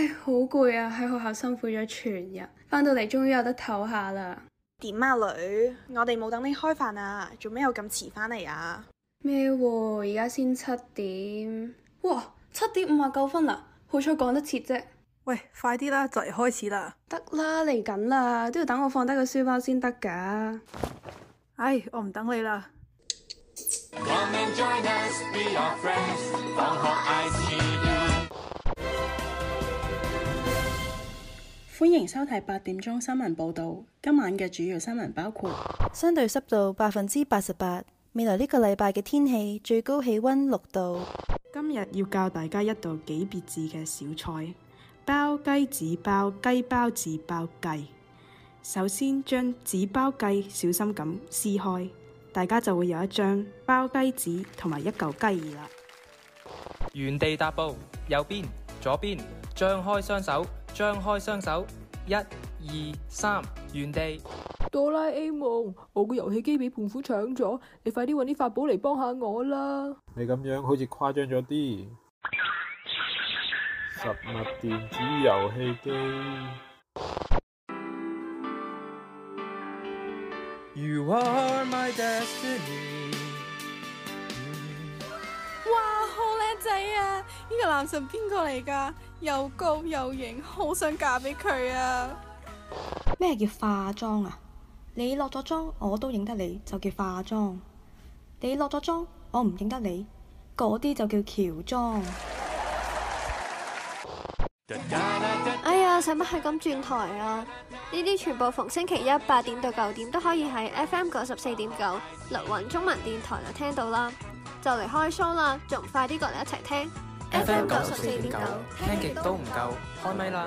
唉，好攰啊！喺學校辛苦咗全日，翻到嚟終於有得唞下啦。點啊女？我哋冇等你開飯啊！做咩又咁遲翻嚟啊？咩？而家先七點？哇，七點五十九分啦！好彩講得切啫。喂，快啲啦，就嚟開始啦。得啦，嚟緊啦，都要等我放低個書包先得噶。唉，我唔等你啦。歡迎收睇八點鐘新聞報道。今晚嘅主要新聞包括相對濕度百分之八十八。未來呢個禮拜嘅天氣最高氣温六度。今日要教大家一道幾別致嘅小菜——包雞紙包雞包紙包,包雞。首先將紙包雞小心咁撕開，大家就會有一張包雞紙同埋一嚿雞翼啦。原地踏步，右邊，左邊，張開雙手。張開雙手，一、二、三，原地。哆啦 A 夢，我個遊戲機俾胖虎搶咗，你快啲搵啲法寶嚟幫下我啦！你咁樣好似誇張咗啲。實物電子遊戲機。You are my 哇，好靚仔啊！呢、這個男神邊個嚟噶？又高又型，好想嫁俾佢啊！咩叫化妝啊？你落咗妝，我都認得你，就叫化妝。你落咗妝，我唔認得你，嗰啲就叫喬裝。哎呀，使乜係咁轉台啊？呢啲全部逢星期一八點到九點都可以喺 FM 九十四點九綠雲中文電台度聽到啦。就嚟開 show 啦，仲快啲過嚟一齊聽？FM 九十四點九，聽極都唔夠，夠開咪啦！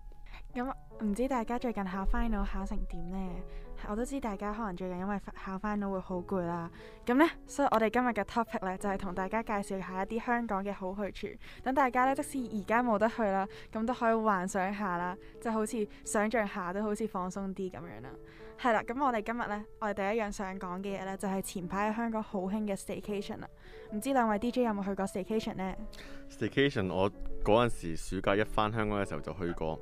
咁唔、嗯、知大家最近考 final 考成點呢？我都知大家可能最近因為考 final 會好攰啦。咁呢，所以我哋今日嘅 topic 呢，就係、是、同大家介紹下一啲香港嘅好去處，等大家呢，即使而家冇得去啦，咁都可以幻想下啦，就好似想象下都好似放鬆啲咁樣啦。係啦，咁我哋今日呢，我哋第一樣想講嘅嘢呢，就係、是、前排喺香港好興嘅 Staycation 啦。唔知兩位 DJ 有冇去過 Staycation 呢？Staycation 我嗰陣時暑假一返香港嘅時候就去過。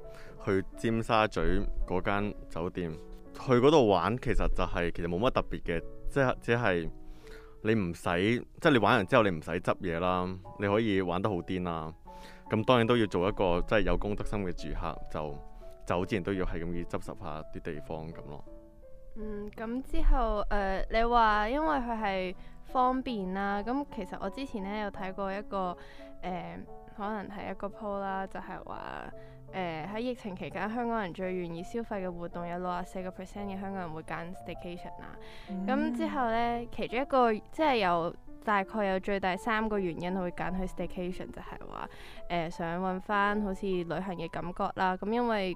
去尖沙咀嗰間酒店，去嗰度玩其、就是，其實就係其實冇乜特別嘅，即係只係你唔使，即、就、係、是、你玩完之後你唔使執嘢啦，你可以玩得好癲啦。咁當然都要做一個即係、就是、有公德心嘅住客，就走之前都要係咁去執拾下啲地方咁咯。嗯，咁之後誒、呃，你話因為佢係方便啦、啊，咁其實我之前咧有睇過一個誒、呃，可能係一個鋪啦，就係話。誒喺、呃、疫情期間，香港人最願意消費嘅活動有六十四個 percent 嘅香港人會揀 staycation 啊，咁、mm hmm. 之後呢，其中一個即係有大概有最大三個原因會揀去 staycation，就係話誒想揾翻好似旅行嘅感覺啦，咁因為、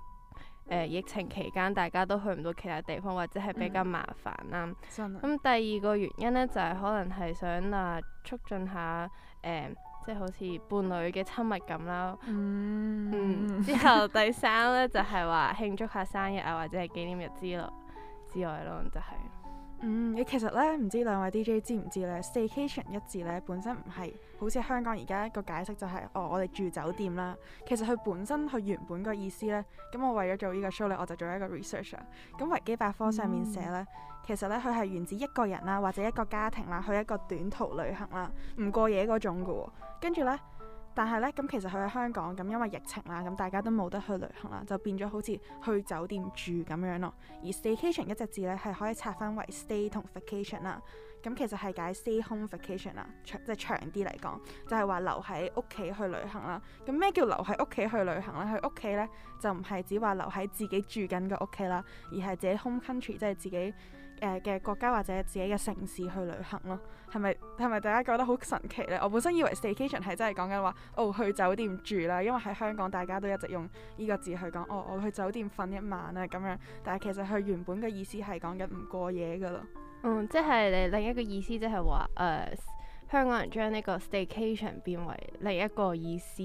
呃、疫情期間大家都去唔到其他地方或者係比較麻煩啦。咁、mm hmm. 第二個原因呢，就係、是、可能係想啊、呃、促進下誒。呃即係好似伴侶嘅親密咁啦，嗯，嗯嗯，之後第三咧 就係話慶祝下生日啊，或者係紀念日之咯之外咯，就係、是。嗯，你其實咧唔知兩位 DJ 知唔知咧，Staycation 一字咧本身唔係好似香港而家一個解釋就係、是、哦，我哋住酒店啦。其實佢本身佢原本個意思咧，咁我為咗做呢個 show 咧，我就做一個 research。咁維基百科上面寫咧，嗯、其實咧佢係源自一個人啦，或者一個家庭啦，去一個短途旅行啦，唔過夜嗰種嘅喎、喔。跟住咧。但係咧，咁其實佢喺香港咁，因為疫情啦，咁大家都冇得去旅行啦，就變咗好似去酒店住咁樣咯。而 staycation 一隻字咧，係可以拆分為 stay 同 vacation 啦。咁其實係解 stay home vacation 啦，即係長啲嚟講，就係話留喺屋企去旅行啦。咁咩叫留喺屋企去旅行咧？佢屋企咧就唔係只話留喺自己住緊嘅屋企啦，而係自己 home country，即係自己。誒嘅國家或者自己嘅城市去旅行咯，係咪，係咪大家覺得好神奇呢？我本身以為 staycation 係真係講緊話哦，去酒店住啦，因為喺香港大家都一直用呢個字去講，哦，我去酒店瞓一晚啊咁樣，但係其實佢原本嘅意思係講緊唔過夜噶咯。嗯，即係你另一個意思，即係話誒香港人將呢個 staycation 變為另一個意思。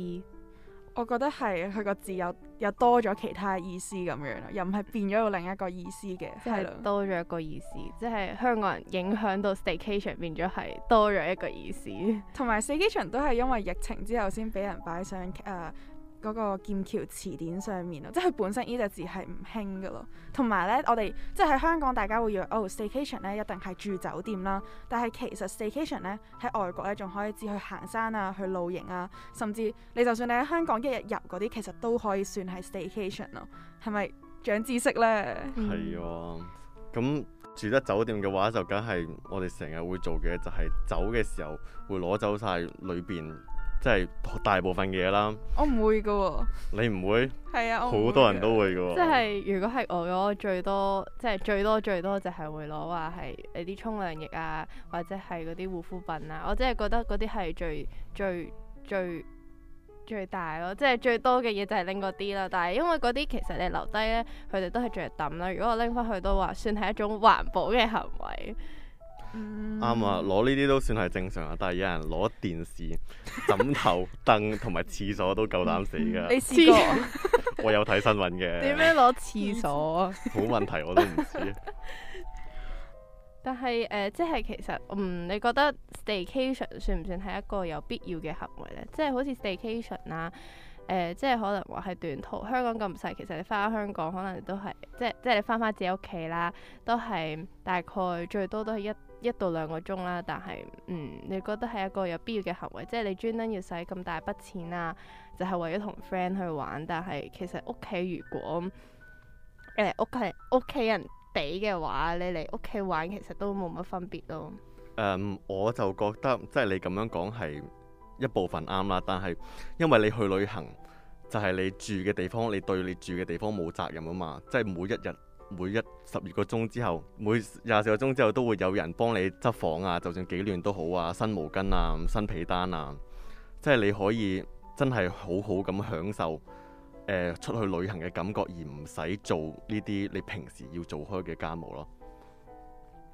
我覺得係佢個字又又多咗其他意思咁樣咯，又唔係變咗到另一個意思嘅，即係多咗一個意思，了即係香港人影響到 staycation 變咗係多咗一個意思。同埋 staycation 都係因為疫情之後先俾人擺上誒，呃嗰個劍橋詞典上面咯，即係佢本身呢隻字係唔興噶咯。同埋呢，我哋即係喺香港，大家會約哦，staycation 呢一定係住酒店啦。但係其實 staycation 呢，喺外國呢仲可以指去行山啊、去露營啊，甚至你就算你喺香港一日遊嗰啲，其實都可以算係 staycation 咯。係咪長知識呢？係喎、啊，咁住得酒店嘅話，就梗係我哋成日會做嘅就係、是、走嘅時候會攞走晒裏邊。即係大部分嘅嘢啦，我唔會噶，你唔會，係啊，好多人都會噶喎。即係如果係我攞最多，即係最多最多就係會攞話係你啲沖涼液啊，或者係嗰啲護膚品啊，我真係覺得嗰啲係最最最最大咯，即係最多嘅嘢就係拎嗰啲啦。但係因為嗰啲其實你留低咧，佢哋都係着抌啦。如果我拎翻去都話，算係一種環保嘅行為。啱啊，攞呢啲都算係正常啊，但係有人攞電視、枕頭、凳同埋廁所都夠膽死噶。你試過？ 我有睇新聞嘅。點樣攞廁所？好 問題，我都唔知。 但係誒，即、呃、係、就是、其實，嗯，你覺得 staycation 算唔算係一個有必要嘅行為呢？即、就、係、是、好似 staycation 啊，誒、呃，即、就、係、是、可能話係短途。香港咁細，其實你翻翻香港，可能都係即係即係你翻翻自己屋企啦，都係大概最多都係一。一到兩個鐘啦，但係嗯，你覺得係一個有必要嘅行為，即係你專登要使咁大筆錢啊，就係、是、為咗同 friend 去玩。但係其實屋企如果誒屋企屋企人俾嘅話，你嚟屋企玩其實都冇乜分別咯。誒，um, 我就覺得即係你咁樣講係一部分啱啦，但係因為你去旅行就係、是、你住嘅地方，你對你住嘅地方冇責任啊嘛，即係每一日。每一十二個鐘之後，每廿四個鐘之後都會有人幫你執房啊，就算幾亂都好啊，新毛巾啊，新被單啊，即係你可以真係好好咁享受、呃、出去旅行嘅感覺，而唔使做呢啲你平時要做開嘅家務咯。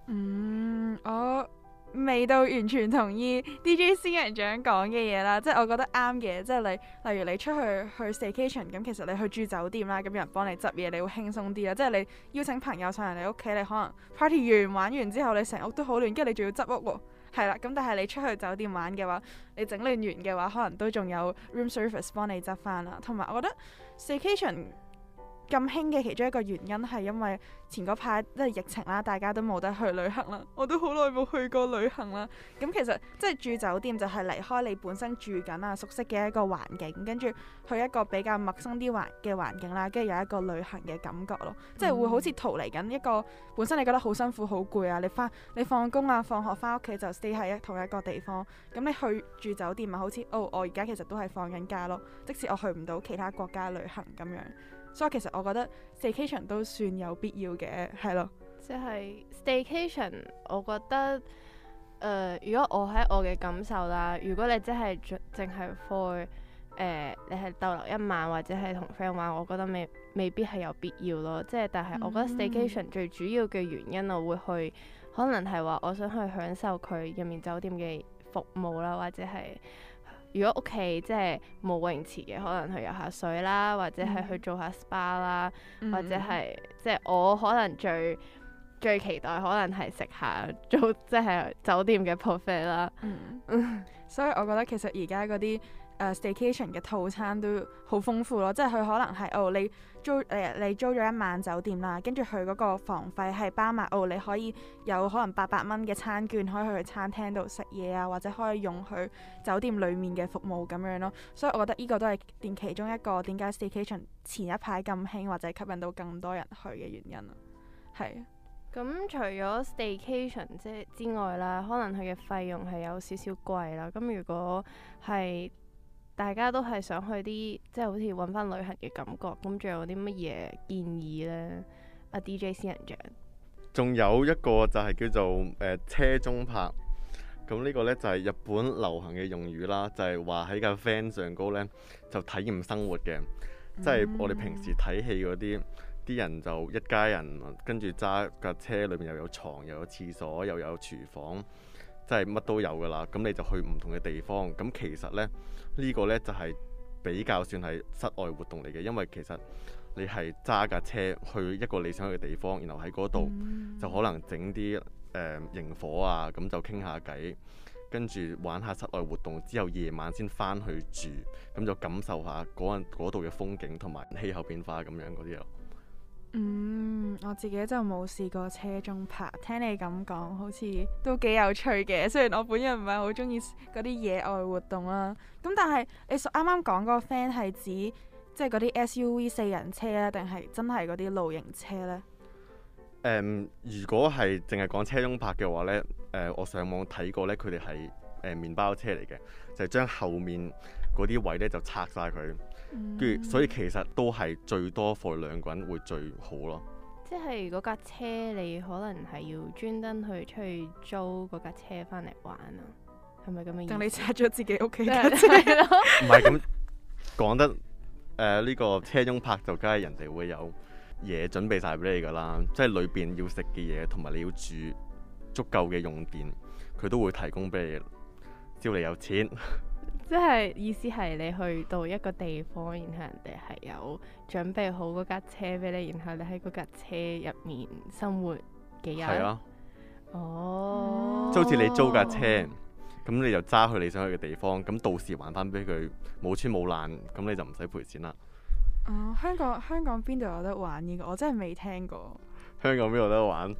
嗯，我未到完全同意 D. J. 仙人掌講嘅嘢啦，即係我覺得啱嘅，即係你例如你出去去 staycation 咁，其實你去住酒店啦，咁有人幫你執嘢，你會輕鬆啲啦。即係你邀請朋友上人哋屋企，你可能 party 完玩完之後，你成屋都好亂，跟住你仲要執屋喎、哦，係啦。咁但係你出去酒店玩嘅話，你整亂完嘅話，可能都仲有 room service 幫你執返啦。同埋我覺得 staycation。咁興嘅其中一個原因係因為前嗰排即係疫情啦，大家都冇得去旅行啦。我都好耐冇去過旅行啦。咁其實即係住酒店就係離開你本身住緊啊熟悉嘅一個環境，跟住去一個比較陌生啲環嘅環境啦，跟住有一個旅行嘅感覺咯。嗯、即係會好似逃離緊一個本身你覺得好辛苦、好攰啊！你返你放工啊、放學返屋企就 stay 喺同一個地方。咁你去住酒店啊，好似哦，我而家其實都係放緊假咯。即使我去唔到其他國家旅行咁樣。所以其實我覺得 staycation 都算有必要嘅，係咯。即係 staycation，我覺得，誒、呃，如果我喺我嘅感受啦，如果你真係淨係 for 誒、呃，你係逗留一晚或者係同 friend 玩，我覺得未未必係有必要咯。即、就、係、是，但係我覺得 staycation、mm hmm。最主要嘅原因，我會去，可能係話我想去享受佢入面酒店嘅服務啦，或者係。如果屋企即係冇泳池嘅，可能去游下水啦，或者係去做下 SPA 啦，嗯、或者係即係我可能最最期待可能係食下做即係酒店嘅 buffet 啦。嗯， 所以我覺得其實而家嗰啲。誒、uh, Staycation 嘅套餐都好豐富咯，即係佢可能係哦，你租誒、呃、你租咗一晚酒店啦，跟住佢嗰個房費係包埋，哦你可以有可能八百蚊嘅餐券可以去餐廳度食嘢啊，或者可以用去酒店裡面嘅服務咁樣咯，所以我覺得呢個都係連其中一個點解 Staycation 前一排咁興或者吸引到咁多人去嘅原因咯，係。咁除咗 Staycation 即之外啦，可能佢嘅費用係有少少貴啦，咁如果係。大家都係想去啲即係好似揾翻旅行嘅感覺，咁仲有啲乜嘢建議呢？阿 DJ 仙人掌，仲有一個就係叫做誒、呃、車中泊，咁呢個呢，就係、是、日本流行嘅用語啦，就係話喺架 van 上高呢，就體驗生活嘅，即、就、係、是、我哋平時睇戲嗰啲啲人就一家人跟住揸架車，裏面又有床，又有廁所，又有廚房。即係乜都有㗎啦，咁你就去唔同嘅地方。咁其實呢，呢、呢個呢就係比較算係室外活動嚟嘅，因為其實你係揸架車去一個你想去嘅地方，然後喺嗰度就可能整啲誒營火啊，咁就傾下偈，跟住玩下室外活動，之後夜晚先翻去住，咁就感受下嗰度嘅風景同埋氣候變化咁樣嗰啲咯。嗯，我自己就冇試過車中泊，聽你咁講，好似都幾有趣嘅。雖然我本人唔係好中意嗰啲野外活動啦，咁但係你啱啱講嗰個 friend 係指即係、就、嗰、是、啲 SUV 四人車咧，定係真係嗰啲露營車呢？誒、嗯，如果係淨係講車中泊嘅話呢，誒、呃，我上網睇過呢，佢哋係誒麵包車嚟嘅，就係、是、將後面嗰啲位呢就拆晒佢。跟、嗯、所以其實都係最多坐兩個人會最好咯。即係嗰架車，你可能係要專登去出去租嗰架車翻嚟玩啊？係咪咁嘅意思？等你拆咗自己屋企架車咯。唔係咁講得誒，呢、呃這個車中泊就梗係人哋會有嘢準備曬俾你噶啦，即係裏邊要食嘅嘢，同埋你要煮足夠嘅用電，佢都會提供俾你。只要你有錢。 即係意思係你去到一個地方，然後人哋係有準備好嗰架車俾你，然後你喺嗰架車入面生活幾日。係啊，oh, 哦，就好似你租架車，咁你就揸去你想去嘅地方，咁到時還翻俾佢，冇穿冇爛，咁你就唔使賠錢啦。啊，嗯，香港香港邊度有得玩呢個？我真係未聽過。香港邊度有得玩？呢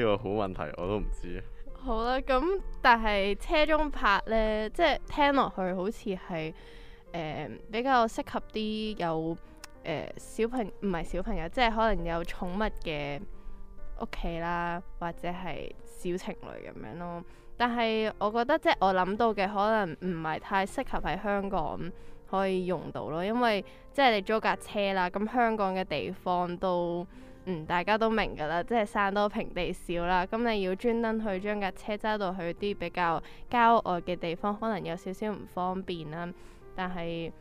個好問題，我都唔知。好啦，咁但係車中泊呢，即係聽落去好似係誒比較適合啲有誒、呃、小朋唔係小朋友，即係可能有寵物嘅屋企啦，或者係小情侶咁樣咯。但係我覺得即係我諗到嘅可能唔係太適合喺香港可以用到咯，因為即係你租架車啦，咁香港嘅地方都。嗯，大家都明噶啦，即係山多平地少啦。咁你要專登去將架車揸到去啲比較郊外嘅地方，可能有少少唔方便啦。但係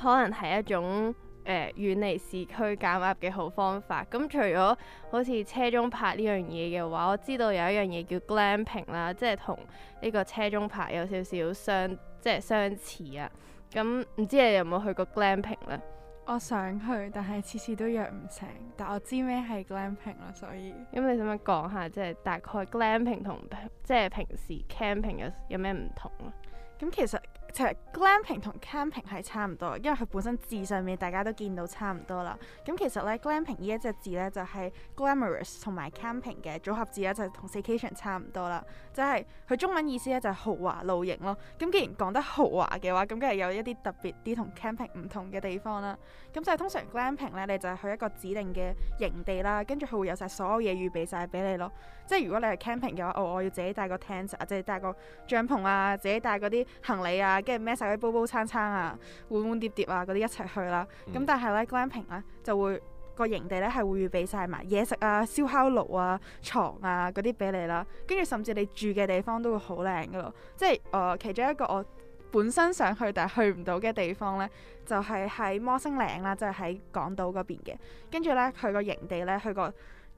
可能係一種誒遠離市區減壓嘅好方法。咁、嗯、除咗好似車中泊呢樣嘢嘅話，我知道有一樣嘢叫 glamping 啦，即係同呢個車中泊有少少相即係相似啊。咁、嗯、唔知你有冇去過 glamping 呢？我想去，但係次次都約唔成。但我知咩係 glamping 啦，所以咁、嗯、你想唔想講下，即係大概 glamping 同平，即係平時 camping 有有咩唔同啊？咁、嗯、其實。其實 glamping 同 camping 係差唔多，因為佢本身字上面大家都見到差唔多啦。咁其實咧 glamping 呢一隻字咧就係 glamorous 同埋 camping 嘅組合字啦，就係同 vacation 差唔多啦。即係佢中文意思咧就係豪華露營咯。咁既然講得豪華嘅話，咁梗係有一啲特別啲 camp 同 camping 唔同嘅地方啦。咁就係通常 glamping 咧，你就係去一個指定嘅營地啦，跟住佢會有晒所有嘢預備晒俾你咯。即係如果你係 camping 嘅話，哦，我要自己帶個 tent 啊，即係帶個帳篷啊，自己帶嗰啲行李啊。跟住孭晒啲煲煲餐餐啊、碗碗碟碟啊嗰啲一齊去啦，咁、嗯、但係咧 glamping 咧就會、個營地咧係會預備曬埋嘢食啊、燒烤爐啊、床啊嗰啲俾你啦，跟住甚至你住嘅地方都會好靚噶咯，即係誒、呃、其中一個我本身想去但係去唔到嘅地方咧，就係、是、喺摩星嶺啦，即係喺港島嗰邊嘅，跟住咧去個營地咧去個。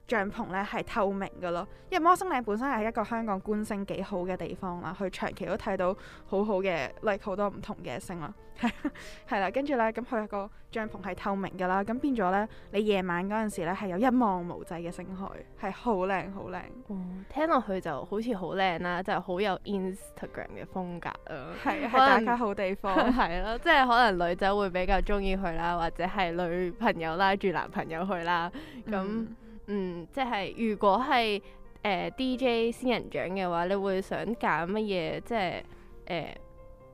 帳篷咧係透明嘅咯，因為摩星嶺本身係一個香港觀星幾好嘅地方啦，佢長期都睇到好好嘅，Like 好多唔同嘅星啦，係 啦，跟住咧咁佢個帳篷係透明嘅啦，咁變咗咧你夜晚嗰陣時咧係有一望無際嘅星海，係好靚好靚。哦，聽落去就好似好靚啦，就好、是、有 Instagram 嘅風格啊，係係是可能 大家好地方， 係咯，即係可能女仔會比較中意去啦，或者係女朋友拉住男朋友去啦，咁、嗯。嗯，即係如果係誒、呃、DJ 仙人掌嘅話，你會想揀乜嘢？即係誒乜、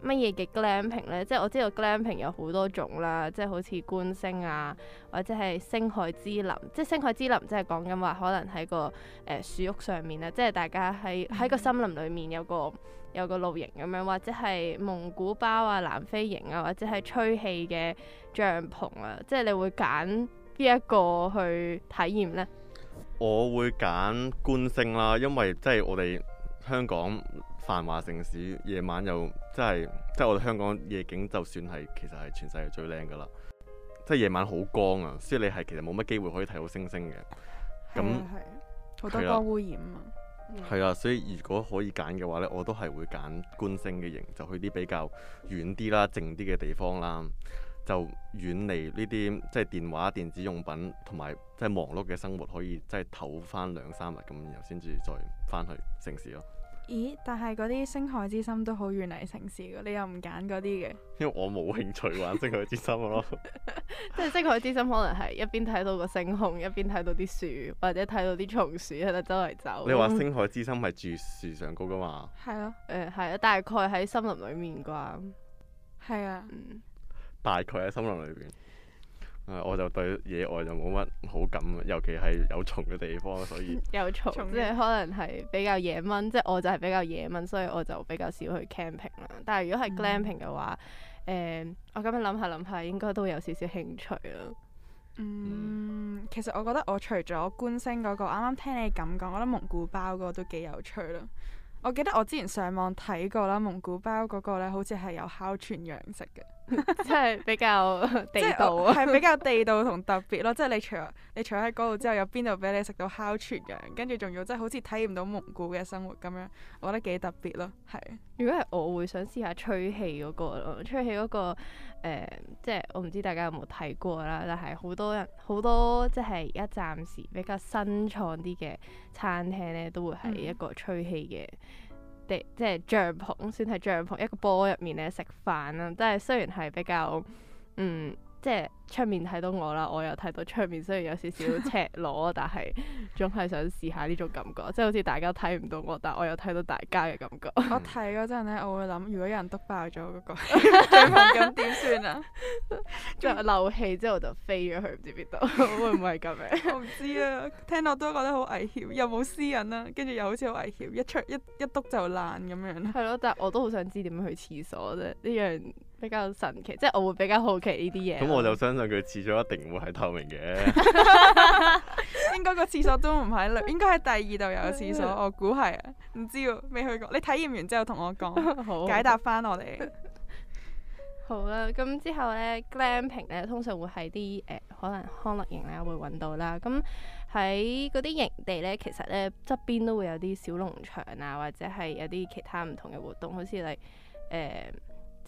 呃、嘢嘅 glamping 咧？即係我知道 glamping 有好多種啦，即係好似觀星啊，或者係星海之林。即係星海之林即係講緊話，可能喺個誒樹、呃、屋上面啊，即係大家喺喺、嗯、個森林裡面有個有個露營咁樣，或者係蒙古包啊、南非營啊，或者係吹氣嘅帳篷啊。即係你會揀邊一個去體驗咧？我會揀觀星啦，因為即係我哋香港繁華城市，夜晚又即係即係我哋香港夜景，就算係其實係全世界最靚㗎喇，即係夜晚好光啊，所以你係其實冇乜機會可以睇到星星嘅。咁好多光污染啊。係啊，啊，所以如果可以揀嘅話呢，我都係會揀觀星嘅型，就去啲比較遠啲啦、靜啲嘅地方啦。就遠離呢啲即係電話、電子用品同埋即係忙碌嘅生活，可以即係唞翻兩三日咁，然後先至再翻去城市咯。咦？但係嗰啲星海之心都好遠離城市嘅，你又唔揀嗰啲嘅？因為我冇興趣玩星海之心咯。即係星海之心，可能係一邊睇到個星空，一邊睇到啲樹，或者睇到啲松鼠喺度周圍走。你話星海之心係住樹上高噶嘛？係咯、 啊，誒係啊，大概喺森林裡面啩。係啊， 嗯。大概喺森林裏邊，呃，我就對野外就冇乜好感，尤其係有蟲嘅地方，所以 有蟲，蟲的即係可能係比較野蚊，即係我就係比較野蚊，所以我就比較少去 camping 啦。但係如果係 glamping 嘅話，嗯嗯，我今日諗下諗下，應該都會有少少興趣咯。嗯，其實我覺得我除咗觀星嗰、嗰個，啱啱聽你咁講，我覺得蒙古包嗰個都幾有趣啦。我記得我之前上網睇過啦，蒙古包嗰個呢，好似係有烤全羊食嘅。即係比較地道啊，係比較地道同特別咯。 即係你除，你除咗喺嗰度之後，有邊度俾你食到烤全羊，跟住仲要即係好似體驗到蒙古嘅生活咁樣，我覺得幾特別咯。係如果係我，我會想試下吹氣嗰個咯，吹氣嗰個誒、呃，即係我唔知大家有冇睇過啦，但係好多人好多即係而家暫時比較新創啲嘅餐廳呢，都會係一個吹氣嘅。嗯即係帳篷，算係帳篷一個波入面咧食飯啦，即係雖然係比較嗯。即係出面睇到我啦，我又睇到出面，雖然有少少赤裸， 但係總係想試下呢種感覺，即係好似大家睇唔到我，但係我又睇到大家嘅感覺。我睇嗰陣咧，我會諗，如果有人篤爆咗嗰、嗰個帳篷，咁點算啊？仲漏氣之後就飛咗去唔知邊度？會唔會係咁樣？ 我唔知啊，聽落都覺得好危險，又冇私隱啦、啊，跟住又好似好危險，一出一一篤就爛咁樣。係咯，但係我都好想知點樣去廁所啫，呢樣。比較神奇，即係我會比較好奇呢啲嘢。咁我就相信佢廁所一定會係透明嘅 應該個廁所都唔喺，應該喺第二度有個廁所， 我估係啊，唔知啊，未去過。你體驗完之後同我講， 好解答翻我哋。 好啦、啊，咁之後呢 glamping 呢通常會喺啲誒可能康樂營咧會揾到啦。咁喺嗰啲營地呢，其實呢側邊都會有啲小農場啊，或者係有啲其他唔同嘅活動，好似你誒。呃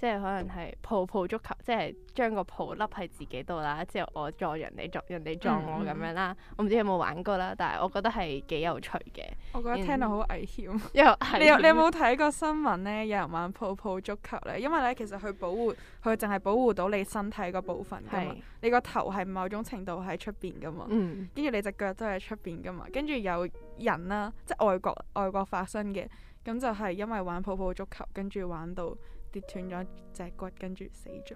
即係可能係泡泡足球，即係將個泡笠喺自己度啦。之後我撞人哋，撞人哋撞我咁樣啦。嗯、我唔知有冇玩過啦，但係我覺得係幾有趣嘅。我覺得聽到好危險。你有冇睇過新聞咧？有人玩泡泡足球咧？因為咧，其實佢保護佢淨係保護到你身體個部分噶嘛。是你個頭係某種程度喺出邊噶嘛。跟住、嗯、你隻腳都喺出邊噶嘛。跟住有人啦，即係外國外國發生嘅，咁就係因為玩泡泡足球，跟住玩到。跌斷咗隻骨，跟住死咗。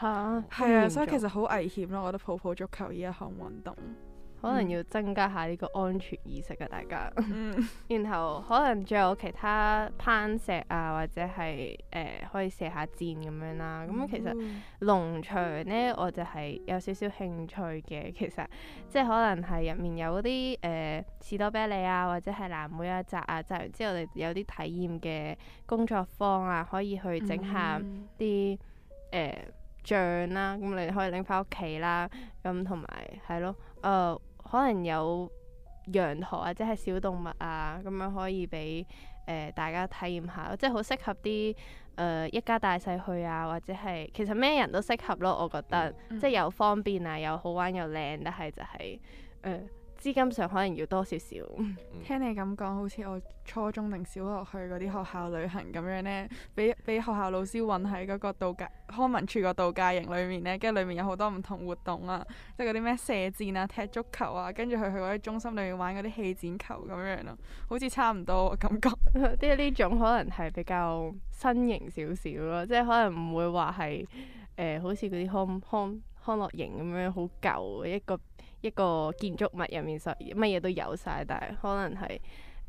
嚇哈，係啊，所以其實好危險咯。我覺得泡泡足球呢一項運動。可能要增加下呢個安全意識啊，大家。 然後可能仲有其他攀石啊，或者係誒、呃、可以射下箭咁樣啦。咁其實農場呢，嗯、我就係有少少興趣嘅。其實即係、就是、可能係入面有啲誒、呃、士多啤梨啊，或者係藍莓啊摘啊，摘、就、完、是、之後你有啲體驗嘅工作坊啊，可以去整下啲誒、嗯呃、醬啦、啊。咁你可以拎翻屋企啦。咁同埋係咯，誒、呃。可能有羊駝或者係小動物啊，咁樣可以俾誒、呃、大家體驗下，即係好適合啲誒、呃、一家大細去啊，或者係其實咩人都適合咯，我覺得、嗯嗯、即係又方便啊，又好玩又靚，但係就係、是、誒。呃嗯資金上可能要多少少。嗯、聽你咁講，好似我初中定小學去嗰啲學校旅行咁樣呢，俾俾學校老師搵喺嗰個度假康文署個度假營裡面呢。跟住裡面有好多唔同活動啊，即係嗰啲咩射箭啊、踢足球啊，跟住佢去嗰啲中心裏面玩嗰啲氣箭球咁樣咯，好似差唔多，感覺。即係呢種可能係比較新型少少咯，即係可能唔會話係誒好似嗰啲康康康樂營咁樣好舊嘅一個。一個建築物入面，乜嘢都有晒，但係可能係、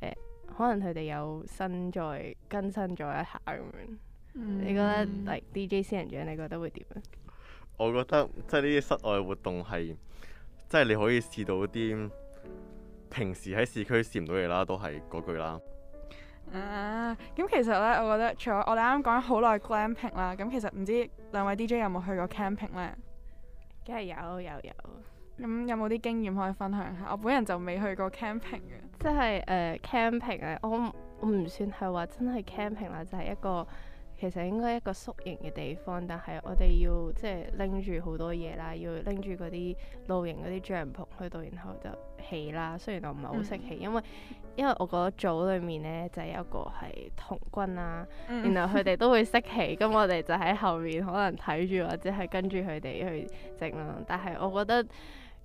呃、可能佢哋有新再更新咗一下咁樣。嗯、你覺得，例如 D J 仙人掌，你覺得會點啊？我覺得即係呢啲室外活動係，即係你可以試到啲平時喺市區試唔到嘢啦，都係嗰句啦。啊、嗯，咁其實呢，我覺得除咗我哋啱啱講好耐 glamping 啦，咁其實唔知兩位 D J 有冇去過 camping 呢？梗係有，有，有。有咁、嗯、有冇啲經驗可以分享下？我本人就未去過 camping 嘅，即係誒、嗯就是呃、camping 咧，我我唔算係話真係 camping 啦，就係、是、一個其實應該一個宿營嘅地方，但係我哋要即係拎住好多嘢啦，要拎住嗰啲露營嗰啲帳篷去到，然後就起啦。雖然我唔係好識起、嗯因，因為因為我個組裡面呢就有一個係童軍啦，嗯、然後佢哋都會識起，咁、嗯、我哋就喺後面可能睇住或者係跟住佢哋去整啦。但係我覺得。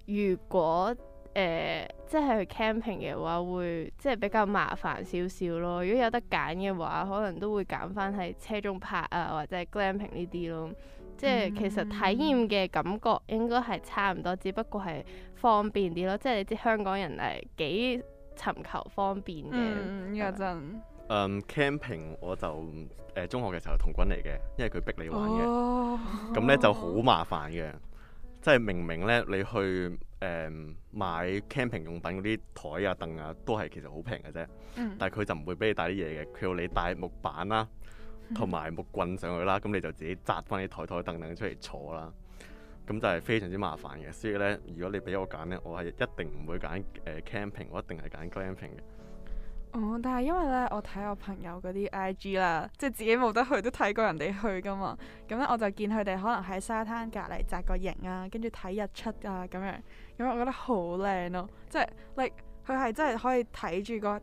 如果誒、呃、即係去 camping 嘅話，會即係比較麻煩少少咯。如果有得揀嘅話，可能都會揀翻喺車中泊啊，或者 glamping 呢啲咯。即係其實體驗嘅感覺應該係差唔多，只不過係方便啲咯。即係你知香港人係幾尋求方便嘅。依家真 camping，我就誒、呃、中學嘅時候同軍嚟嘅，因為佢逼你玩嘅，咁咧、哦、就好麻煩嘅。即係明明咧，你去誒、呃、買 camping 用品嗰啲台啊凳啊，都係其實好平嘅啫。嗯、但係佢就唔會俾你帶啲嘢嘅，佢要你帶木板啦、啊，同埋木棍上去啦。咁、嗯嗯、你就自己紮翻啲台台凳凳出嚟坐啦。咁就係非常之麻煩嘅。所以咧，如果你俾我揀咧，我係一定唔會揀誒、呃、camping，我一定係揀 glamping 嘅。哦，但係因為咧，我睇我朋友嗰啲 IG 啦，即係自己冇得去都睇過人哋去噶嘛。咁、嗯、咧，我就見佢哋可能喺沙灘隔籬紮個營啊，跟住睇日出啊咁樣。咁、嗯、我覺得好靚咯，即係你佢係真係可以睇住個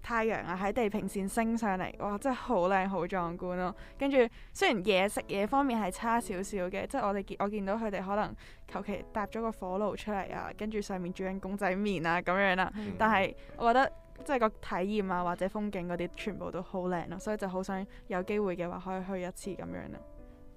太陽啊喺地平線上升上嚟，哇，真係好靚好壯觀咯、啊。跟住雖然嘢食嘢方面係差少少嘅，即係我哋見我見到佢哋可能求其搭咗個火爐出嚟啊，跟住上面煮緊公仔麵啊咁樣啦、啊。嗯、但係我覺得。即係個體驗啊，或者風景嗰啲，全部都好靚咯，所以就好想有機會嘅話，可以去一次咁樣咯、啊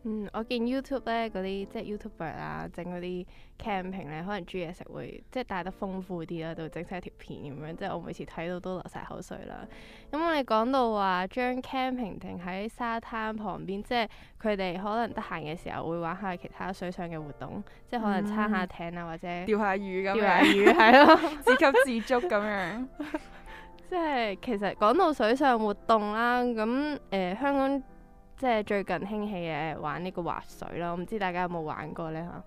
嗯啊。嗯，我見 YouTube 咧嗰啲即係 YouTuber 啊，整嗰啲 camping 咧，可能煮嘢食會即係帶得豐富啲啦，就整出一條片咁樣，即係我每次睇到都流晒口水啦。咁我哋講到話將 camping 停喺沙灘旁邊，即係佢哋可能得閒嘅時候會玩下其他水上嘅活動，即係可能撐下艇啊，或者釣、嗯、下魚咁樣，係咯，自給自足咁樣。 即係其實講到水上活動啦，咁誒、呃、香港即係最近興起嘅玩呢個滑水啦，我唔知大家有冇玩過呢？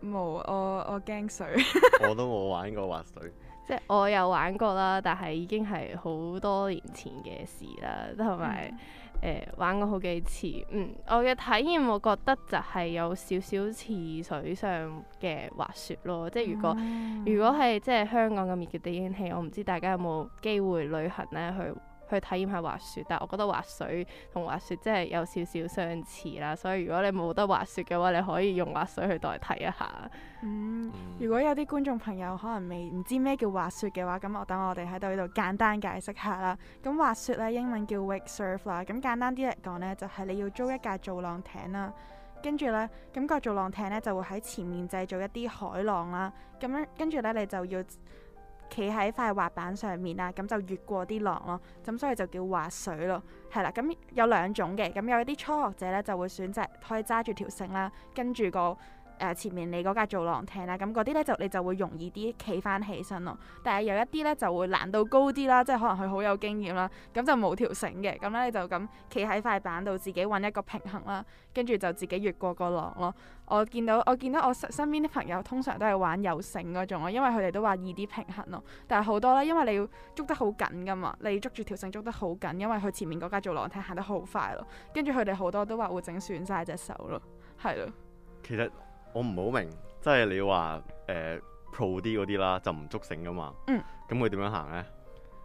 吓？冇，我我驚水。 我都冇玩過滑水。即係我有玩過啦，但係已經係好多年前嘅事啦，同埋、嗯。誒、呃、玩過好幾次，嗯，我嘅體驗我覺得就係有少少似水上嘅滑雪咯，即係如果、嗯、如果係即係香港咁熱嘅天氣，我唔知大家有冇機會旅行咧去去體驗下滑雪，但係我覺得滑水同滑雪真係有少少相似啦，所以如果你冇得滑雪嘅話，你可以用滑水去代替一下。嗯，嗯如果有啲觀眾朋友可能未唔知咩叫滑雪嘅話，咁我等我哋喺度呢度簡單解釋下啦。咁滑雪咧英文叫 wake surf 啦，咁簡單啲嚟講呢，就係、是、你要租一架造浪艇啦，跟住呢，咁、那個造浪艇呢，就會喺前面製造一啲海浪啦，咁樣跟住呢，你就要。企喺塊滑板上面呀，咁就越過啲浪咯，咁所以就叫滑水咯，係啦，咁有兩種嘅，咁有一啲初學者咧就會選擇可以揸住條繩啦，跟住個。誒、呃、前面你嗰架做浪艇啦，咁嗰啲咧就你就會容易啲企翻起身咯。但係有一啲咧就會難度高啲啦，即係可能佢好有經驗啦，咁就冇條繩嘅。咁咧你就咁企喺塊板度自己揾一個平衡啦，跟住就自己越過個浪咯。我見到我見到我身身邊啲朋友通常都係玩有繩嗰種咯，因為佢哋都話易啲平衡咯。但係好多咧，因為你要捉得好緊噶嘛，你捉住條繩捉得好緊，因為佢前面嗰架做浪艇行得好快咯。跟住佢哋好多都話會整損晒隻手咯，係咯。其實。我唔好明，即係你話誒、呃、pro 啲嗰啲啦，就唔捉繩噶嘛。嗯。咁會點樣行呢？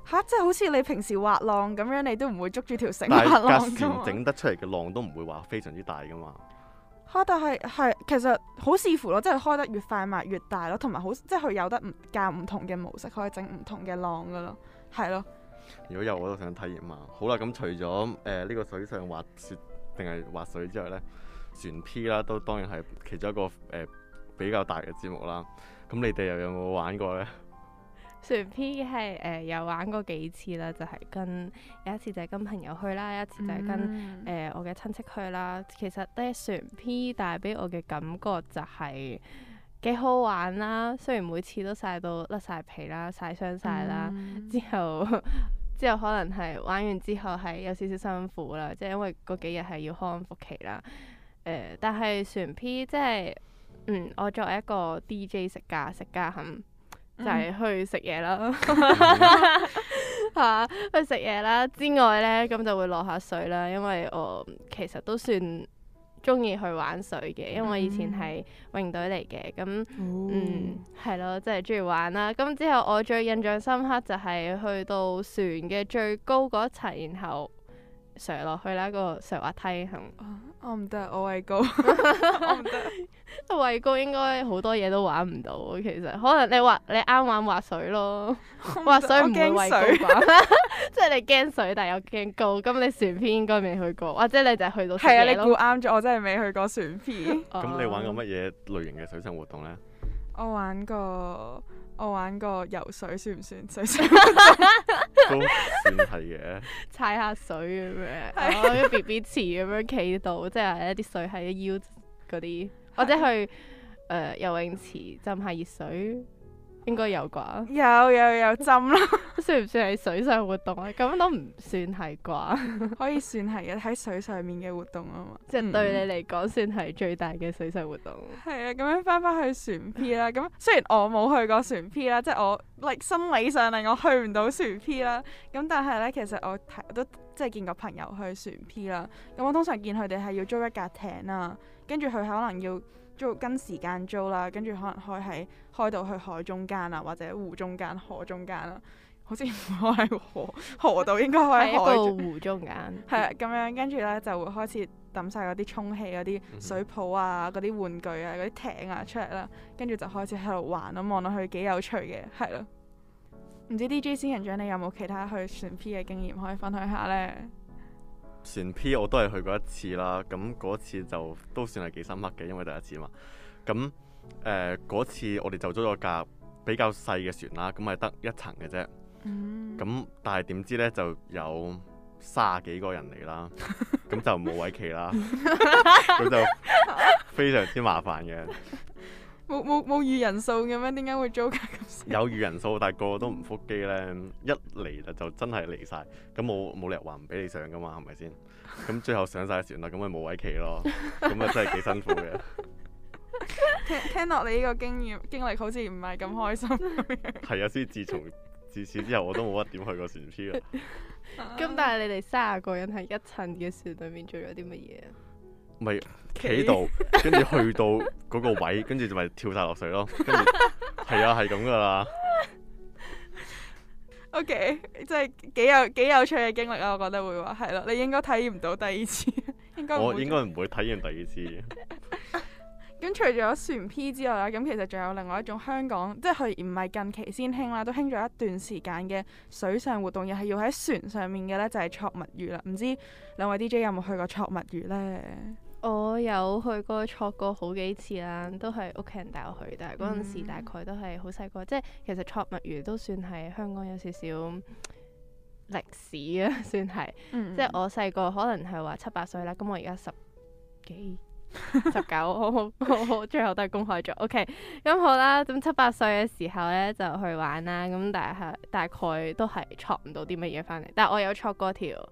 吓，即係好似你平時划浪咁樣，你都唔會捉住條繩划浪噶嘛。但係架船整得出嚟嘅浪都唔會話非常之大噶嘛。吓，但係係其實好視乎咯，即係開得越快咪越大咯，同埋好即係佢有得唔教唔同嘅模式，可以整唔同嘅浪噶咯，係咯。如果有我都想體驗下。好啦，咁除咗誒呢個水上滑雪定係滑水之外呢。船 P 啦，都當然係其中一個誒比較大嘅節目啦。咁你哋又有冇玩過呢？船 P 係誒有玩過幾次啦，就係、是、跟有一次就係跟朋友去啦，有一次就係跟誒、嗯呃、我嘅親戚去啦。其實咧、呃、船 P，帶俾我嘅感覺就係、是、幾好玩啦。雖然每次都曬到甩晒皮啦、曬傷晒啦，嗯、之後之後可能係玩完之後係有少少辛苦啦，即、就、係、是、因為嗰幾日係要康復期啦。誒、呃，但係船 P 即、就、係、是，嗯，我作為一個 DJ 食家食家，咁、嗯、就係去食嘢啦，吓、 啊、去食嘢啦之外呢，咁就會落下水啦，因為我其實都算中意去玩水嘅，嗯、因為我以前係泳隊嚟嘅，咁、哦、嗯係咯，即係中意玩啦。咁之後我最印象深刻就係去到船嘅最高嗰一層，然後。上落去啦，嗰個石滑梯係、哦、我唔得，我畏高。 我唔得行， 畏高應該好多嘢都玩唔到。其實可能你滑，你啱玩滑水咯，滑水唔畏高。怕水 即係你驚水，但係又驚高。咁你船偏應該未去過，或者你就去到係啊？你估啱咗，我真係未去過船偏。咁、 哦、你玩過乜嘢類型嘅水上活動咧？我玩過，我玩過游水算唔算，水算唔算水上 都算係嘅，踩下水咁樣，啊、 哦，一 B B 池咁樣企度， 即係一啲水喺腰嗰啲， 或者去誒游、呃、泳池浸下熱水。應該有啩，有有有浸咯， 算唔算係水上活動咧？咁都唔算係啩，可以算係嘅喺水上面嘅活動啊嘛，即係對你嚟講算係最大嘅水上活動。係啊，咁樣返返去船 P 啦，咁雖然我冇去過船 P 啦，即係我，我心理上令我去唔到船 P 啦，咁但係咧，其實我睇都即係見過朋友去船 P 啦，咁我通常見佢哋係要租一架艇啊，跟住佢可能要。跟時間租啦，跟住可能開喺開到去海中間啊，或者湖中間、河中間啦，啊。好似唔開喺河河度，應該開喺海中湖中間。係啊， 咁樣跟住咧就會開始抌晒嗰啲充氣嗰啲水泡啊、嗰啲玩具啊、嗰啲艇啊出嚟啦，跟住就開始喺度玩咯，望落去幾有趣嘅，係咯。唔知 D J 仙人掌，你有冇其他去船 P 嘅經驗可以分享下呢？船 P 我都係去過一次啦，咁嗰次就都算係幾深刻嘅，因為第一次嘛。咁誒嗰次我哋就租咗架比較細嘅船啦，咁係得一層嘅啫。咁、嗯、但係點知呢就有三十幾個人嚟啦，咁 就冇位企啦，咁就非常之麻煩嘅。冇冇冇預人數嘅咩？點解會租架咁樣？有預人數，但係個個都唔覆機咧，嗯、一嚟啦就真係嚟晒，咁我冇理由話唔俾你上噶嘛，係咪先？咁最後上晒船啦，咁咪冇位企咯，咁啊真係幾辛苦嘅。 聽聽落你呢個經驗經歷，經歷好似唔係咁開心。係啊， 所以自從自此之後，我都冇乜點去過船 P。咁、 啊、但係你哋三個人係一層嘅船裏面做咗啲乜嘢？咪企喺度，跟住去到嗰個位，跟住 就咪跳晒落水咯。係啊，係咁噶啦。O K，即係幾有幾有趣嘅經歷啊。我覺得會話係咯。你應該體驗唔到第二次，應該我應該唔會體驗第二次。咁 除咗船 P 之外啦，咁其實仲有另外一種香港，即係佢唔係近期先興啦，都興咗一段時間嘅水上活動，又係要喺船上面嘅咧，就係捉物魚啦。唔知兩位 D J 有冇去過捉物魚咧？我有去過坐過好幾次啦，都係屋企人帶我去，但係嗰陣時大概都係好細個，即係其實坐墨魚都算係香港有少少歷史啊，算係。嗯、即係我細個可能係話七八歲啦，咁我而家十幾十九，好好好好， 最後都係公開咗。OK，咁好啦，咁七八歲嘅時候咧就去玩啦，咁但係大概都係坐唔到啲乜嘢翻嚟，但係我有坐過條誒。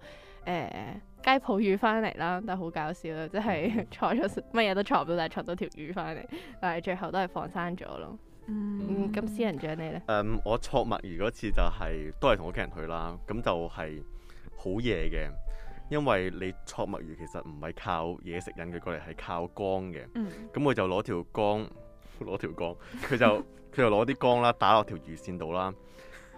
呃街泡魚翻嚟啦，但係好搞笑、嗯、啦，即係錯咗乜嘢都錯唔到，但係錯到條魚翻嚟，但係最後都係放生咗咯。嗯，咁、嗯、仙人掌你呢？誒、嗯，我錯墨魚嗰次就係、是、都係同屋企人去啦，咁就係好夜嘅，因為你錯墨魚其實唔係靠嘢食引佢過嚟，係靠光嘅。嗯。咁我就攞條光，攞條光，佢就佢 就攞啲光啦，打落條魚線度啦。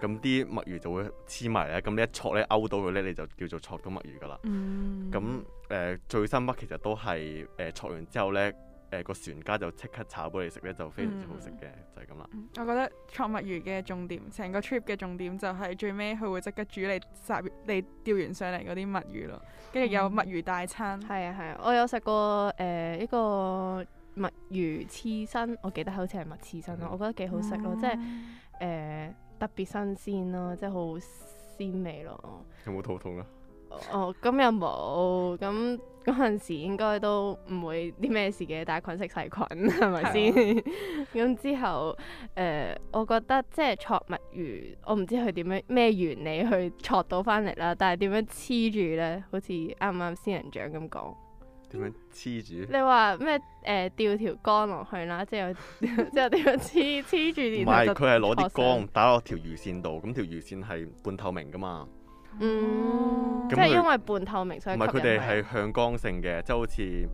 咁啲墨魚就會黐埋咧，咁你一戳，咧勾到佢咧，你就叫做戳到墨魚噶啦。咁、呃、誒最深刻其實都係誒戳完之後咧，誒、呃、個船家就即刻炒俾你食咧，就非常之好食嘅，嗯、就係咁啦。我覺得戳墨魚嘅重點，成個 trip 嘅重點就係最尾佢會即刻煮你殺你釣完上嚟嗰啲墨魚咯，跟住有墨魚大餐。係啊係啊，我有食過誒、呃、一個墨魚刺身，我記得好似係墨刺身咯，嗯、我覺得幾好食咯，即係誒。特別新鮮咯，即係好鮮味咯。有冇肚痛啊？哦，咁又冇。咁嗰陣時應該都唔會啲咩事嘅，大菌食細菌係咪先？咁、啊 嗯、之後誒、呃，我覺得即係挫物魚，我唔知佢點樣咩原理去挫到翻嚟啦。但係點樣黐住咧？好似啱唔啱仙人掌咁講。點樣黐住？你話咩？誒、呃，吊條杆落去啦，即係 即係點樣黐黐住？唔係， 佢係攞啲光打落條魚線度，咁條魚線係半透明噶嘛。嗯，嗯即係因為半透明所以。唔係，佢哋係向光性嘅，即係好似誒、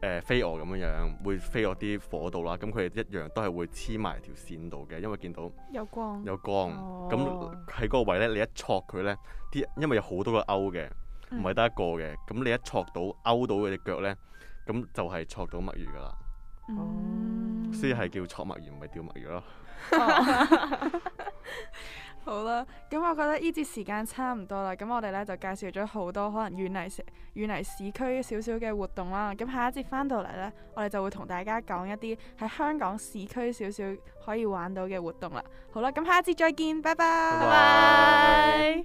呃、飛蛾咁樣樣，會飛落啲火度啦。咁佢哋一樣都係會黐埋條線度嘅，因為見到有光，有光。咁喺嗰個位咧，你一戳佢咧，啲因為有好多個鈎嘅。唔係得一個嘅，咁你一戳到勾到佢隻腳呢，咁就係戳到墨魚噶啦，嗯、所以係叫戳墨魚，唔係釣墨魚咯。 好啦，咁我覺得呢節時間差唔多啦，咁我哋呢就介紹咗好多可能遠離市遠離市區少少嘅活動啦。咁下一節翻到嚟呢，我哋就會同大家講一啲喺香港市區少少可以玩到嘅活動啦。好啦，咁下一節再見，拜拜，拜拜。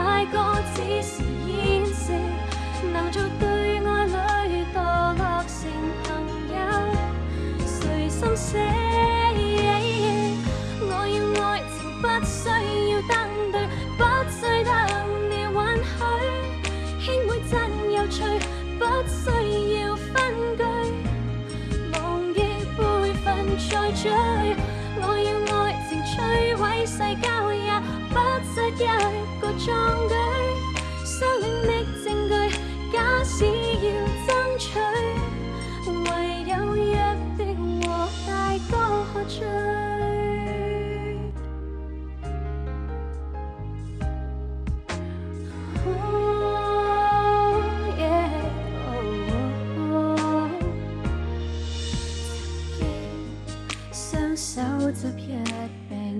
歌只是掩飾，能做對愛侶墮落成朋友，誰心死？Yeah, yeah. 我要愛情不需要登對，不需得你允許，兄妹真有趣，不需要分居，忘記輩份，再追。我要愛情摧毀世交，也不失一個鐘。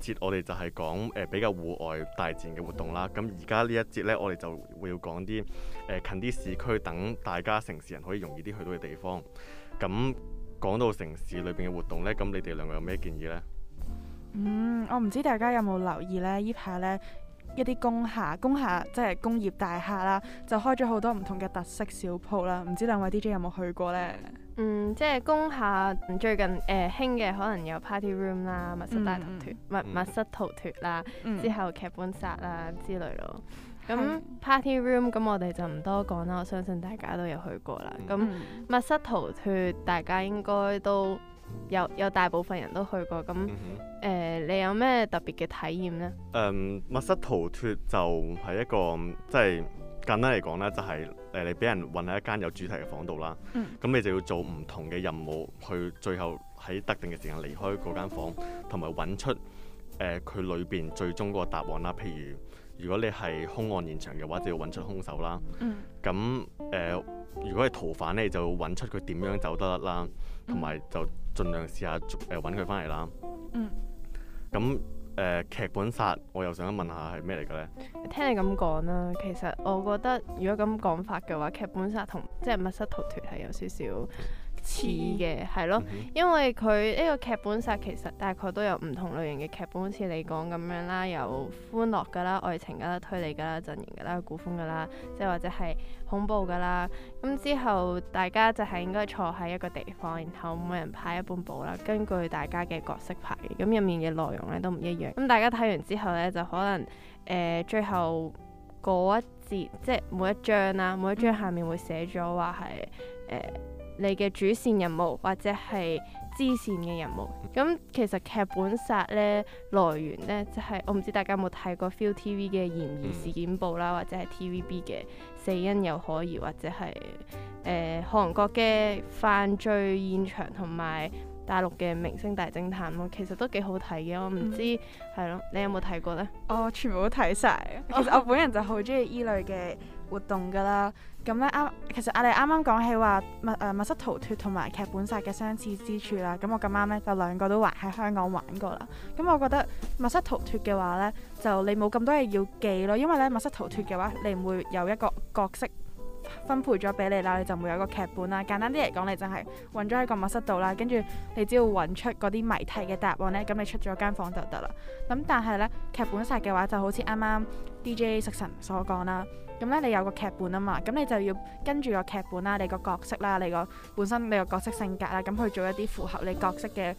節我哋就係講誒比較戶外大自然嘅活動啦，咁而家呢一節呢，我哋就會要講啲誒、呃、近啲市區等大家城市人可以容易啲去到嘅地方。咁講到城市裏邊嘅活動呢，咁你哋兩位有咩建議呢？嗯，我唔知大家有冇留意呢？呢排呢，一啲工廈、工廈即係工業大廈啦，就開咗好多唔同嘅特色小鋪啦。唔知兩位 DJ 有冇去過呢？嗯嗯，即係工廈最近誒興嘅可能有 party room 啦，密室大逃脫，密密室逃脫啦，嗯、之後劇本殺啦之類咯。咁 party room 咁我哋就唔多講啦，嗯、我相信大家都有去過啦。咁密室逃脫大家應該都有有，有大部分人都去過。咁誒、嗯哼呃，你有咩特別嘅體驗呢？誒、嗯，密室逃脫就係一個即係簡單嚟講咧，就係、是。就是誒，你俾人困喺一間有主題嘅房度啦，咁、嗯、你就要做唔同嘅任務，去最後喺特定嘅時間離開嗰間房，同埋揾出誒佢裏邊最終嗰個答案啦。譬如如果你係凶案現場嘅話，就要揾出兇手啦。咁誒、嗯呃，如果係逃犯呢，就要揾出佢點樣走得甩啦，同埋就盡量試下誒揾佢翻嚟啦。咁、嗯。誒、呃、劇本殺，我又想問下係咩嚟㗎咧？聽你咁講啦，其實我覺得如果咁講法嘅話，劇本殺同即係密室逃脫係有少少。嗯似嘅係咯，因為佢呢個劇本殺其實大概都有唔同類型嘅劇本，似你講咁樣啦，有歡樂噶啦、愛情噶啦、推理噶啦、陣營噶啦、古風噶啦，即係或者係恐怖噶啦。咁之後大家就係應該坐喺一個地方，然後每人派一本簿啦，根據大家嘅角色牌，咁入面嘅內容咧都唔一樣。咁大家睇完之後咧，就可能誒、呃、最後嗰一節即係每一章啦，每一章下面會寫咗話係誒。呃你嘅主線任務或者係支線嘅任務，咁其實劇本殺呢來源呢，就係、是、我唔知大家有冇睇過 ViuTV 嘅《嫌疑事件簿》啦，嗯、或者係 TVB 嘅《死因有可疑》，或者係誒、呃、韓國嘅《犯罪現場》同埋大陸嘅《明星大偵探》咯，其實都幾好睇嘅。我唔知係咯、嗯，你有冇睇過呢？我、哦、全部都睇晒。 其實我本人就好中意依類嘅活動㗎啦。咁咧，啱、嗯，其實阿你啱啱講起話密誒、呃、密室逃脫同埋劇本殺嘅相似之處啦，咁我咁啱咧就兩個都話喺香港玩過啦。咁我覺得密室逃脫嘅話咧，就你冇咁多嘢要記咯，因為咧密室逃脫嘅話，你唔會有一個角色分配咗俾你啦，你就唔會有一個劇本啦。簡單啲嚟講，你就係混咗喺個密室度啦，跟住你只要揾出嗰啲謎題嘅答案咧，咁你出咗間房就得啦。咁但係咧劇本殺嘅話，就好似啱啱 DJ 食神所講啦。咁咧，你有個劇本啊嘛，咁你就要跟住個劇本啦，你個角色啦，你個本身你個角色性格啦，咁去做一啲符合你角色嘅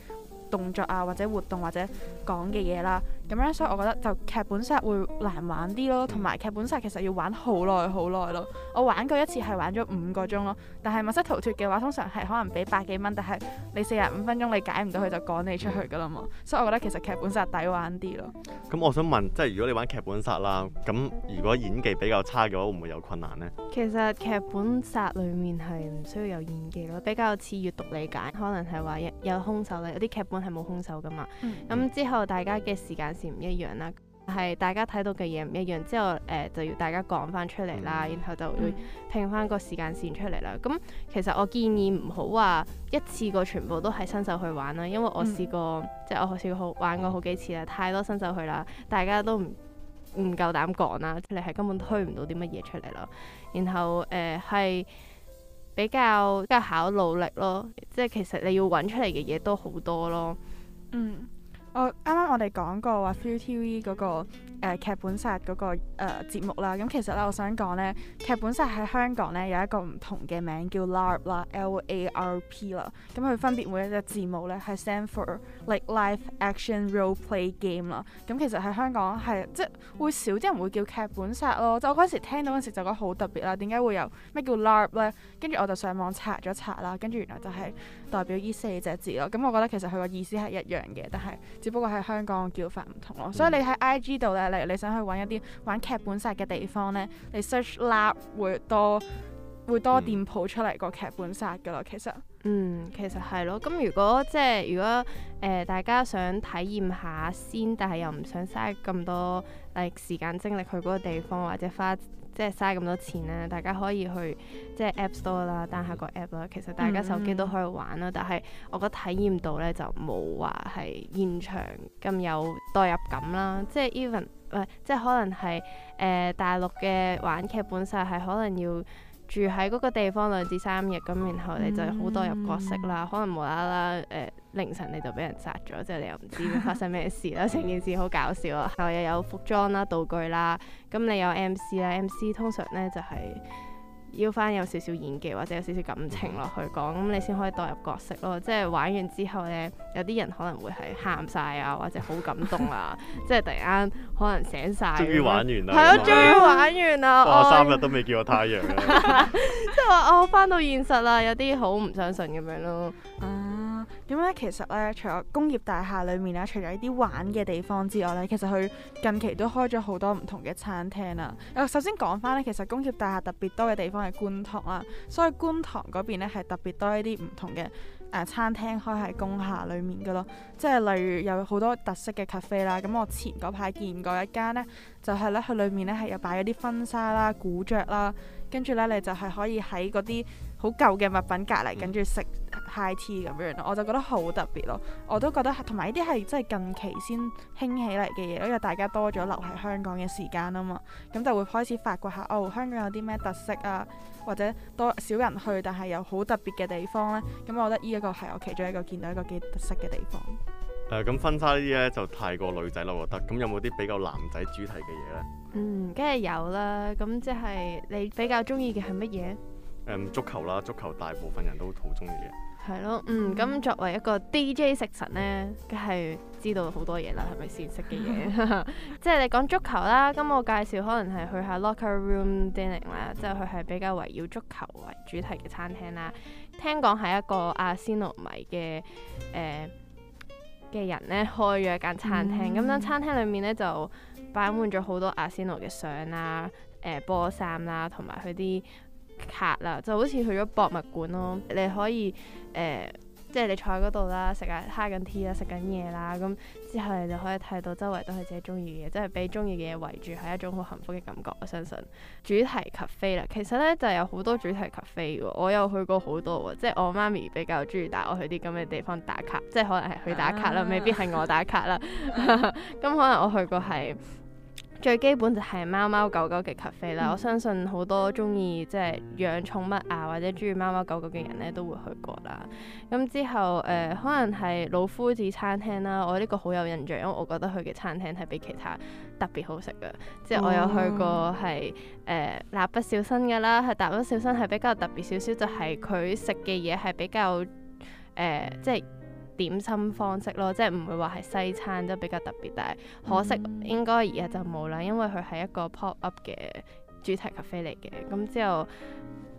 動作啊，或者活動，或者講嘅嘢啦。咁樣，所以我覺得就劇本殺會難玩啲咯，同埋劇本殺其實要玩好耐好耐咯。我玩過一次係玩咗五個鐘咯。但係密室逃脫嘅話，通常係可能俾百幾蚊，但係你四十五分鐘你解唔到佢就趕你出去噶啦嘛。所以我覺得其實劇本殺抵玩啲咯。咁、嗯、我想問，即係如果你玩劇本殺啦，咁如果演技比較差嘅話，會唔會有困難呢？其實劇本殺裡面係唔需要有演技咯，比較似閱讀理解，可能係話有有兇手咧，有啲劇本係冇兇手噶嘛。咁、嗯嗯嗯、之後大家嘅時間。唔一樣啦，係大家睇到嘅嘢唔一樣之後，誒、呃、就要大家講翻出嚟啦，嗯、然後就會拼翻個時間線出嚟啦。咁、嗯、其實我建議唔好話一次過全部都係新手去玩啦，因為我試過，嗯、即係我好似好玩過好幾次啦，太多新手去啦，大家都唔唔夠膽講啦，你係根本推唔到啲乜嘢出嚟咯。然後誒係、呃、比較比較考努力咯，即係其實你要揾出嚟嘅嘢都好多咯，嗯。哦、剛剛我啱啱我哋講過話、啊、ViuTV 嗰、那個誒、呃、劇本殺嗰、那個誒、呃、節目啦，咁、嗯、其實咧我想講咧劇本殺喺香港咧有一個唔同嘅名叫 LARP 啦，L A R P 啦，咁佢、嗯、分別每一隻字母咧係 stand for like live action role play game 啦，咁、嗯、其實喺香港係即係會少啲人會叫劇本殺咯，就我嗰時聽到嗰時就覺得好特別啦，點解會有咩叫 LARP 咧？跟住我就上網查咗查啦，跟住原來就係、是。代表呢四隻字咯，咁我覺得其實佢個意思係一樣嘅，但係只不過喺香港嘅叫法唔同咯。嗯、所以你喺 IG 度咧，例如你想去揾一啲玩劇本殺嘅地方呢，你 search lab 會多會多店鋪出嚟個劇本殺噶咯。其實，嗯，其實係咯。咁如果即係如果誒、呃、大家想體驗下先，但係又唔想嘥咁多誒、like, 時間精力去嗰個地方或者花。即係嘥咁多錢咧，大家可以去即係 App Store 啦，down、嗯、下個 app 啦。其實大家手機都可以玩啦，嗯、但係我覺得體驗到呢就冇話係現場咁有代入感啦。嗯、即係 even、呃、即係可能係誒、呃、大陸嘅玩劇本殺係可能要住喺嗰個地方兩至三日咁，然後你就好多入角色啦，嗯、可能無啦啦誒凌晨你就俾人殺咗，即係你又唔知發生咩事啦，成 件事好搞笑啊！又又有服裝啦、道具啦，咁你有 MC 啦 m c 通常呢就係、是。要翻有少少演技或者有少少感情落去講，咁你先可以代入角色咯。即係玩完之後呢，有啲人可能會係喊晒啊，或者好感動啊， 即係突然間可能醒晒。終於玩完啦！係咯， 終於玩完啦！ 哇我三日都未見過太陽啊！ 即係話我翻到現實啦，有啲好唔相信咁樣咯。Uh, 咁咧、嗯，其實咧，除咗工業大廈裏面啦，除咗呢啲玩嘅地方之外呢，其實佢近期都開咗好多唔同嘅餐廳啦。咁首先講翻呢，其實工業大廈特別多嘅地方係觀塘啦，所以觀塘嗰邊咧係特別多一啲唔同嘅誒、呃、餐廳開喺工廈裏面嘅咯。即係例如有好多特色嘅 cafe 啦，咁我前嗰排見過一間呢，就係、是、呢，佢裏面呢，係有擺一啲婚紗啦、古著啦。跟住呢，你就係可以喺嗰啲好舊嘅物品隔離，跟住食 high tea 咁樣我就覺得好特別咯，我都覺得同埋呢啲係真係近期先興起嚟嘅嘢因為大家多咗留喺香港嘅時間啊嘛，咁就會開始發掘下哦，香港有啲咩特色啊，或者多少人去但係又好特別嘅地方呢？咁我覺得呢一個係我其中一個見到一個幾特色嘅地方。誒咁婚紗呢啲咧就太過女仔啦，我覺得。咁有冇啲比較男仔主題嘅嘢咧？嗯，梗係有啦。咁即係你比較中意嘅係乜嘢？誒、嗯，足球啦，足球大部分人都好中意嘅。係咯，嗯。咁、嗯、作為一個 DJ 食神咧，梗係、嗯、知道好多嘢啦，係咪先？識嘅嘢，即係你講足球啦。咁我介紹可能係去下 locker room dining 啦，即係佢係比較圍繞足球為主題嘅餐廳啦。聽講係一個阿仙奴迷嘅誒。呃嘅人咧，開咗一間餐廳，咁樣、嗯、餐廳裏面咧就擺滿咗好多阿仙奴嘅相啦、誒波衫啦，同埋佢啲卡啦、啊，就好似去咗博物館咯，你可以誒。呃即係你坐喺嗰度啦，食下 high tea 啦，食緊嘢啦，咁之後你就可以睇到周圍都係自己中意嘅嘢，即係俾中意嘅嘢圍住，係一種好幸福嘅感覺。我相信主題咖啡啦，其實呢就有好多主題咖啡喎，我有去過好多喎，即係我媽咪比較中意帶我去啲咁嘅地方打卡，即係可能係去打卡啦，未必係我打卡啦。咁可能我去過係。最基本就係貓貓狗狗嘅 cafe 啦，嗯、我相信好多中意即係養寵物啊，或者中意貓貓狗狗嘅人咧都會去過啦。咁之後誒、呃，可能係老夫子餐廳啦，我呢個好有印象，因為我覺得佢嘅餐廳係比其他特別好食嘅。嗯、即係我有去過係誒蠟筆小新嘅啦，係蠟筆小新係比較特別少少，就係佢食嘅嘢係比較誒、呃、即係。點心方式咯，即係唔會話係西餐，都比較特別，但係可惜應該而家就冇啦，因為佢係一個 pop up 嘅主題咖啡嚟嘅。咁之後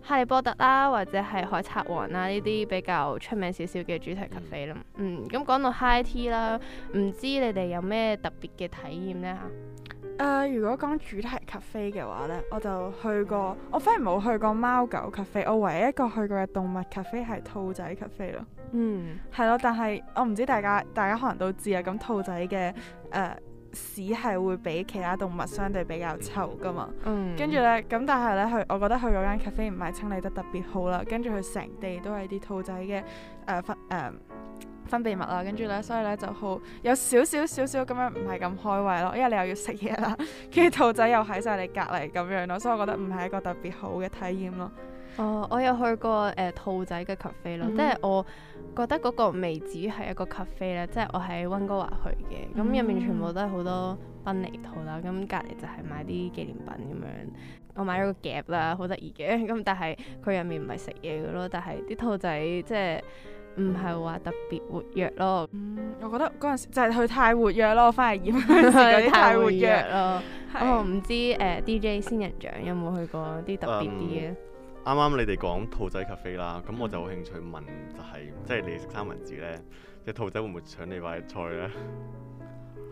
哈利波特啦，或者係海賊王啦，呢啲比較出名少少嘅主題咖啡啦。嗯，咁講到 high tea 啦，唔知你哋有咩特別嘅體驗呢？嚇？誒，uh, 如果講主題咖啡嘅話呢，我就去過，我反而冇去過貓狗咖啡，我唯一一個去過嘅動物咖啡係兔仔咖啡咯。嗯，係咯，但係我唔知大家，大家可能都知啊。咁兔仔嘅、呃、屎係會比其他動物相對比較臭噶嘛。跟住、嗯、呢，咁但係呢，佢我覺得去嗰間咖啡唔係清理得特別好啦。跟住佢成地都係啲兔仔嘅誒。呃呃分泌物啦，跟住咧，所以咧就好有少少少少咁樣唔係咁開胃咯，因為你又要食嘢啦，跟住兔仔又喺晒你隔離咁樣咯，所以我覺得唔係一個特別好嘅體驗咯。哦，我有去過誒、呃、兔仔嘅 cafe 咯，嗯、即係我覺得嗰個未至於係一個 cafe 咧、嗯，即係我喺溫哥華去嘅，咁入、嗯、面全部都係好多奔尼兔啦，咁隔離就係買啲紀念品咁樣，我買咗個夾啦，好得意嘅，咁但係佢入面唔係食嘢嘅咯，但係啲兔仔即係。唔係話特別活躍咯，嗯，我覺得嗰陣時就係佢太活躍咯，我翻嚟驗嗰陣時太活躍咯。我唔知誒、uh, DJ 仙人掌有冇去過啲特別啲嘅。啱啱、嗯、你哋講兔仔咖啡啦，咁我就有興趣問就係、是，即係、嗯、你食三文治呢？隻兔仔會唔會搶你塊菜呢？ 」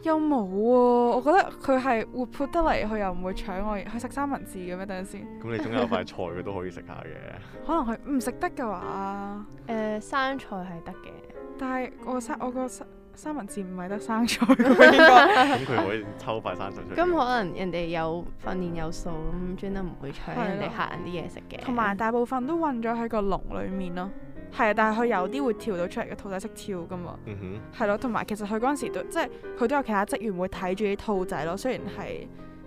又冇喎、啊，我覺得佢係活潑得嚟，佢又唔會搶我。佢食三文治嘅咩？等陣先。咁你總有塊菜，佢都、 嗯、可以食下嘅。可能佢唔食得嘅話，誒生菜係得嘅。但係我生我個三三文治唔係得生菜，應該。咁佢會抽塊生菜出嚟。咁可能人哋有訓練有素，咁、嗯、專登唔會搶 人哋客人啲嘢食嘅。同埋大部分都混咗喺個籠裡面咯。係啊，但係佢有啲會跳到出嚟嘅兔仔識跳噶嘛，嗯哼，係咯，同埋其實佢嗰陣時都即係佢都有其他職員會睇住啲兔仔咯，雖然係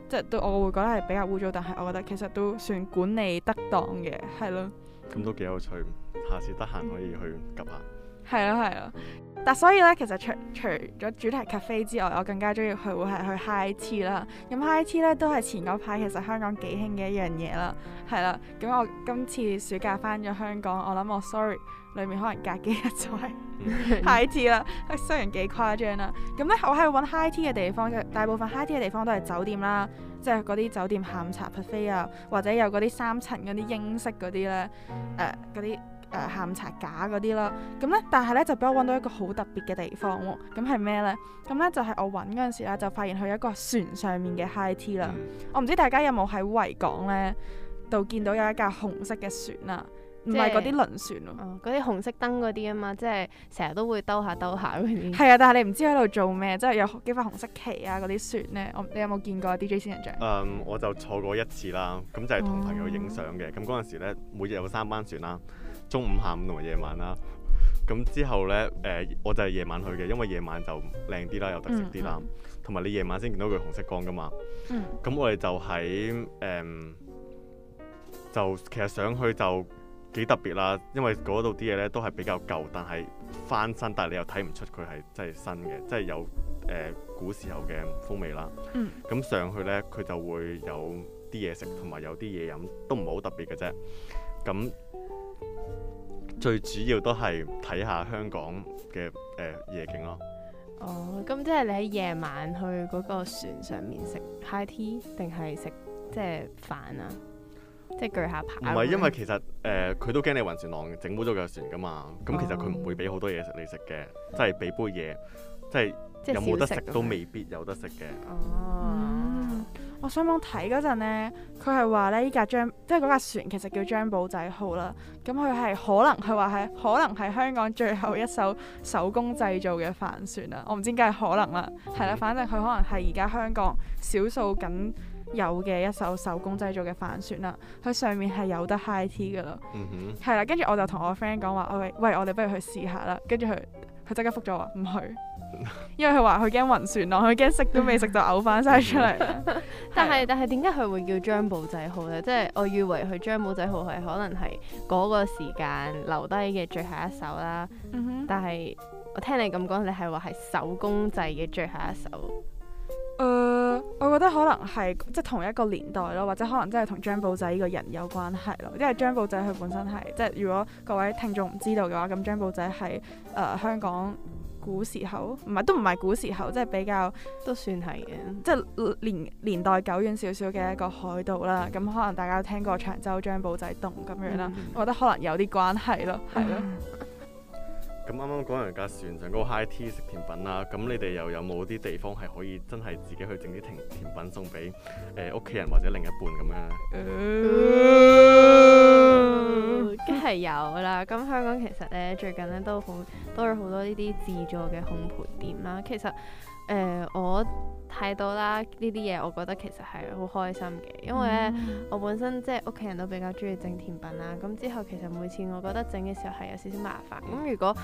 即係對我會覺得係比較污糟，但係我覺得其實都算管理得當嘅，係咯。咁都幾有趣，下次得閒可以去及下。係咯，係咯。但所以咧，其實除除咗主題 cafe 之外，我更加中意去會係去 high tea 啦。咁 high tea 咧都係前嗰排其實香港幾興嘅一樣嘢啦，係啦。咁我今次暑假翻咗香港，我諗我 sorry，裡面可能隔幾日再 high tea 啦。 雖然幾誇張啦、啊。咁咧我喺揾 high tea 嘅地方，大部分 high tea 嘅地方都係酒店啦，即係嗰啲酒店下午茶 buffet 啊，或者有嗰啲三層嗰啲英式嗰啲咧，誒、呃、啲。誒下午茶架嗰啲啦，咁、嗯、咧，但係咧就俾我揾到一個好特別嘅地方喎。咁係咩咧？咁、嗯、咧就係、是、我揾嗰陣時咧，就發現佢有一個船上面嘅 high tea 啦。嗯、我唔知大家有冇喺維港咧度見到有一架紅色嘅船啊？唔係嗰啲輪船咯、啊，嗰啲、嗯、紅色燈嗰啲啊嘛，即係成日都會兜下兜下嗰係啊，但係你唔知喺度做咩，即、就、係、是、有幾塊紅色旗啊嗰啲船咧。我你有冇見過 D J 仙人掌？誒、嗯，我就坐過一次啦。咁就係同朋友影相嘅。咁嗰陣時咧，每日有三班船啦、啊。中午、下午同埋夜晚啦，咁之後呢，誒、呃，我就係夜晚去嘅，因為夜晚就靚啲啦，有特色啲啦，同埋、嗯嗯、你夜晚先見到佢紅色光㗎嘛？咁、嗯、我哋就喺誒、嗯，就其實上去就幾特別啦，因為嗰度啲嘢呢都係比較舊，但係翻新，但係你又睇唔出佢係真係新嘅，即係有誒、呃、古時候嘅風味啦。咁、嗯、上去呢，佢就會有啲嘢食同埋有啲嘢飲，都唔係好特別嘅啫。咁最主要都係睇下香港嘅誒、呃、夜景咯。哦，咁即係你喺夜晚去嗰個船上面食 high tea，定係食即係飯啊？即係鋸下扒。唔係，因為其實誒佢、呃、都驚你暈船浪，整污咗架船噶嘛。咁其實佢唔會俾好多嘢食，哦、你食嘅，即係俾杯嘢，即係有冇得食都未必有得食嘅。哦。嗯我上網睇嗰陣咧，佢係話呢依架張，即係嗰架船其實叫張保、um、仔號啦。咁佢係可能，佢話係可能係香港最後一艘手工製造嘅帆船啦。我唔知，點解係可能啦。係啦，反正佢可能係而家香港少數僅有嘅一艘手工製造嘅帆船啦。佢上面係有得 high tea 㗎咯。係啦，跟住、mm hmm。我就同我 friend 講話，喂、OK，喂，我哋不如去試下啦。跟住佢，佢即刻覆咗我話唔去。 因為佢話佢驚暈船咯，佢驚食都未食就嘔翻晒出嚟 但係但係點解佢會叫張寶仔號呢？ 即係我以為佢張寶仔號係可能係嗰個時間留低嘅最後一首啦。嗯、哼但係我聽你咁講，你係話係手工製嘅最後一首、呃。我覺得可能係即係同一個年代咯，或者可能真係同張寶仔個人有關係咯。因為張寶仔佢本身係即係如果各位聽眾唔知道嘅話，咁張寶仔係誒、呃、香港。古時候，唔係都唔係古時候，即係比較都算係嘅，即係年年代久遠少少嘅一個海盜啦。咁、嗯、可能大家都聽過長洲張保仔洞咁樣啦，嗯、我覺得可能有啲關係咯，係咯、嗯。咁啱啱講完架船上高 high tea 食甜品啦，咁你哋又有冇啲地方係可以真係自己去整啲甜甜品送俾誒屋企人或者另一半咁樣咧？嗯嗯。嗯，梗係有啦。咁香港其實咧，最近咧都好多咗好多呢啲自助嘅烘焙店啦。其實誒、呃，我睇到啦呢啲嘢，我覺得其實係好開心嘅，因為咧、嗯、我本身即係屋企人都比較中意整甜品啦。咁之後其實每次我覺得整嘅時候係有少少麻煩。咁如果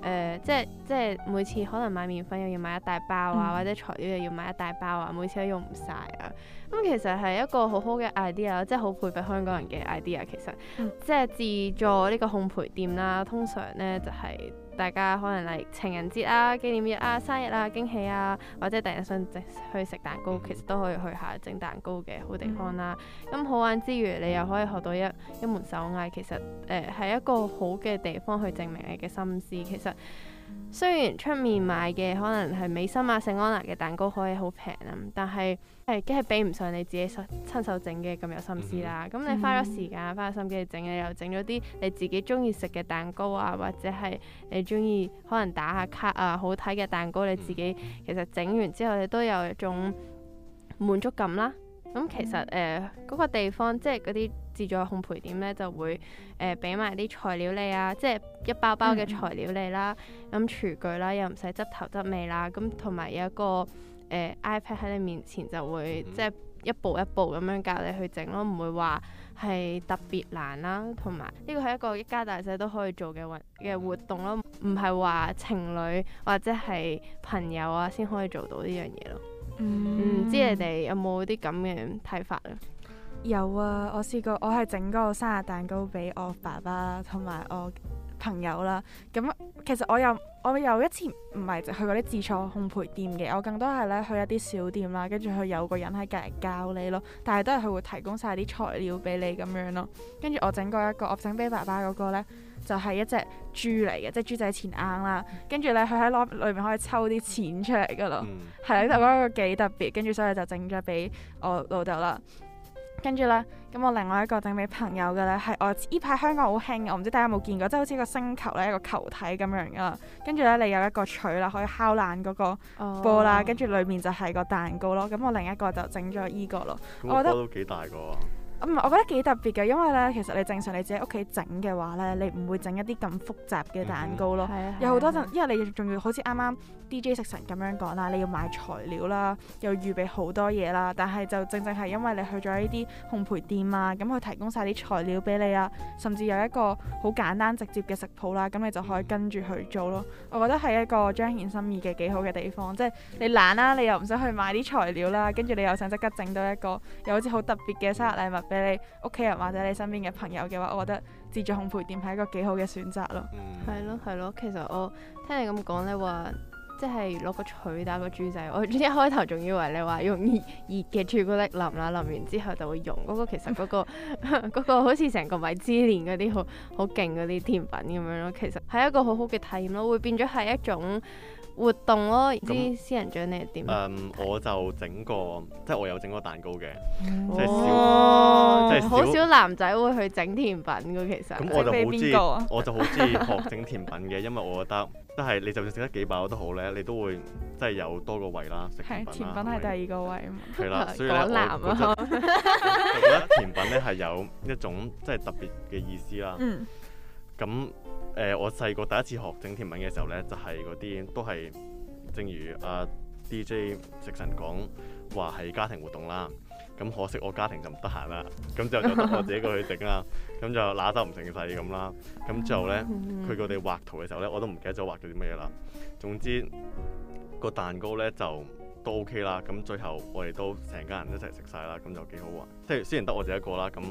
誒、呃、即係即係每次可能買麵粉又要買一大包啊，嗯、或者材料又要買一大包啊，每次都用唔晒啊。咁、嗯、其實係一個好好嘅 idea，即係好佩服香港人嘅 idea。其實、嗯、即係自助呢個烘焙店啦，通常咧就係、是。大家可能嚟情人節啊、紀念日啊、生日啊、驚喜啊，或者突然想整去食蛋糕，其實都可以去下整蛋糕嘅好地方啦。咁、mm hmm. 好玩之餘，你又可以學到一一門手藝，其實誒係、呃、一個好嘅地方去證明你嘅心思，其實。雖然出面買嘅可能係美心啊、聖安娜嘅蛋糕可以好平啊，但係係梗係比唔上你自己親手親手整嘅咁有心思啦。咁、嗯、你花咗時間、花咗心機去整你又整咗啲你自己中意食嘅蛋糕啊，或者係你中意可能打下卡啊好睇嘅蛋糕，你自己其實整完之後你都有一種滿足感啦。咁其實誒嗰、呃嗰個地方即係嗰啲。自助烘焙店呢就會誒俾埋啲材料你啊，即係一包包嘅材料你啦，咁、嗯嗯、廚具啦，又唔使執頭執尾啦，咁同埋有一個誒、呃、iPad 喺你面前就會、嗯、即係一步一步咁樣教你去整咯，唔會話係特別難啦。同埋呢個係一個一家大細都可以做嘅運嘅活動咯，唔係話情侶或者係朋友啊先可以做到呢樣嘢咯。唔、嗯嗯、知你哋有冇啲咁嘅睇法咧？有啊，我試過，我係整嗰個生日蛋糕俾我爸爸同埋我朋友啦。咁其實我又我有一次唔係去嗰啲自助烘焙店嘅，我更多係咧去一啲小店啦，跟住佢有個人喺隔籬教你咯，但係都係佢會提供晒啲材料俾你咁樣咯。跟住我整過一個，我整俾爸爸嗰個咧就係、是、一隻豬嚟嘅，就是嗯、即係豬仔錢罌啦。跟住咧佢喺攞裏面可以抽啲錢出嚟噶咯，係啊、嗯，就嗰個幾特別。跟住所以就整咗俾我老豆啦。跟住呢，咁我另外一個整俾朋友嘅呢，係我呢排香港好興我唔知大家有冇見過，即係好似個星球呢，一個球體咁樣噶啦。跟住呢，你有一個錘啦，可以敲爛嗰個波啦，oh. 跟住裏面就係個蛋糕咯。咁我另一個就整咗依個咯。我，啊、我覺得都幾大個。嗯、我覺得幾特別嘅，因為呢，其實你正常你自己屋企整嘅話呢，你唔會整一啲咁複雜嘅蛋糕咯。嗯、有好多陣，因為你仲要好似啱啱 DJ 食神咁樣講啦，你要買材料啦，又預備好多嘢啦。但係就正正係因為你去咗呢啲烘焙店啊，咁佢提供晒啲材料俾你啦，啊，甚至有一個好簡單直接嘅食譜啦，咁你就可以跟住去做咯。我覺得係一個彰顯心意嘅幾好嘅地方，即係你懶啦，你又唔想去買啲材料啦，跟住你又想即刻整到一個又好似好特別嘅生日禮物。俾你屋企人或者你身邊嘅朋友嘅話，我覺得自助烘焙店係一個幾好嘅選擇咯。係、嗯、 咯係咯，其實我聽你咁講咧，話即係攞個鎚打個豬仔，我一開頭仲以為你話用熱熱嘅朱古力淋啦，淋完之後就會溶。不、那、過、個、其實嗰、那個嗰 個好似成個米芝蓮嗰啲好好勁嗰啲甜品咁樣咯，其實係一個好好嘅體驗咯，會變咗係一種。活動咯，唔知私人獎你係點啊？誒，我就整過，即係我有整過蛋糕嘅，即係少，即係好少男仔會去整甜品嘅其實。咁我就好知，我就好鍾意學整甜品嘅，因為我覺得，即係你就算食得幾飽都好咧，你都會即係有多個胃啦。食甜品係第二個胃啊嘛。係啦，所以咧，男啊，我覺得甜品咧係有一種即係特別嘅意思啦。嗯。咁。誒、呃，我細個第一次學整甜品嘅時候咧，就係嗰啲都係，正如阿、啊、DJ 食神講話係家庭活動啦，咁可惜我家庭就唔得閒啦，咁就後得我自己過去整啦。咁就拿收唔成世咁啦。咁之後咧，佢佢哋畫圖嘅時候咧，我都唔記得咗畫咗啲乜嘢啦。總之個蛋糕咧就都 OK 啦。咁最後我哋都成家人一齊食晒啦，咁就幾好玩。即雖雖然得我自己一個啦，咁。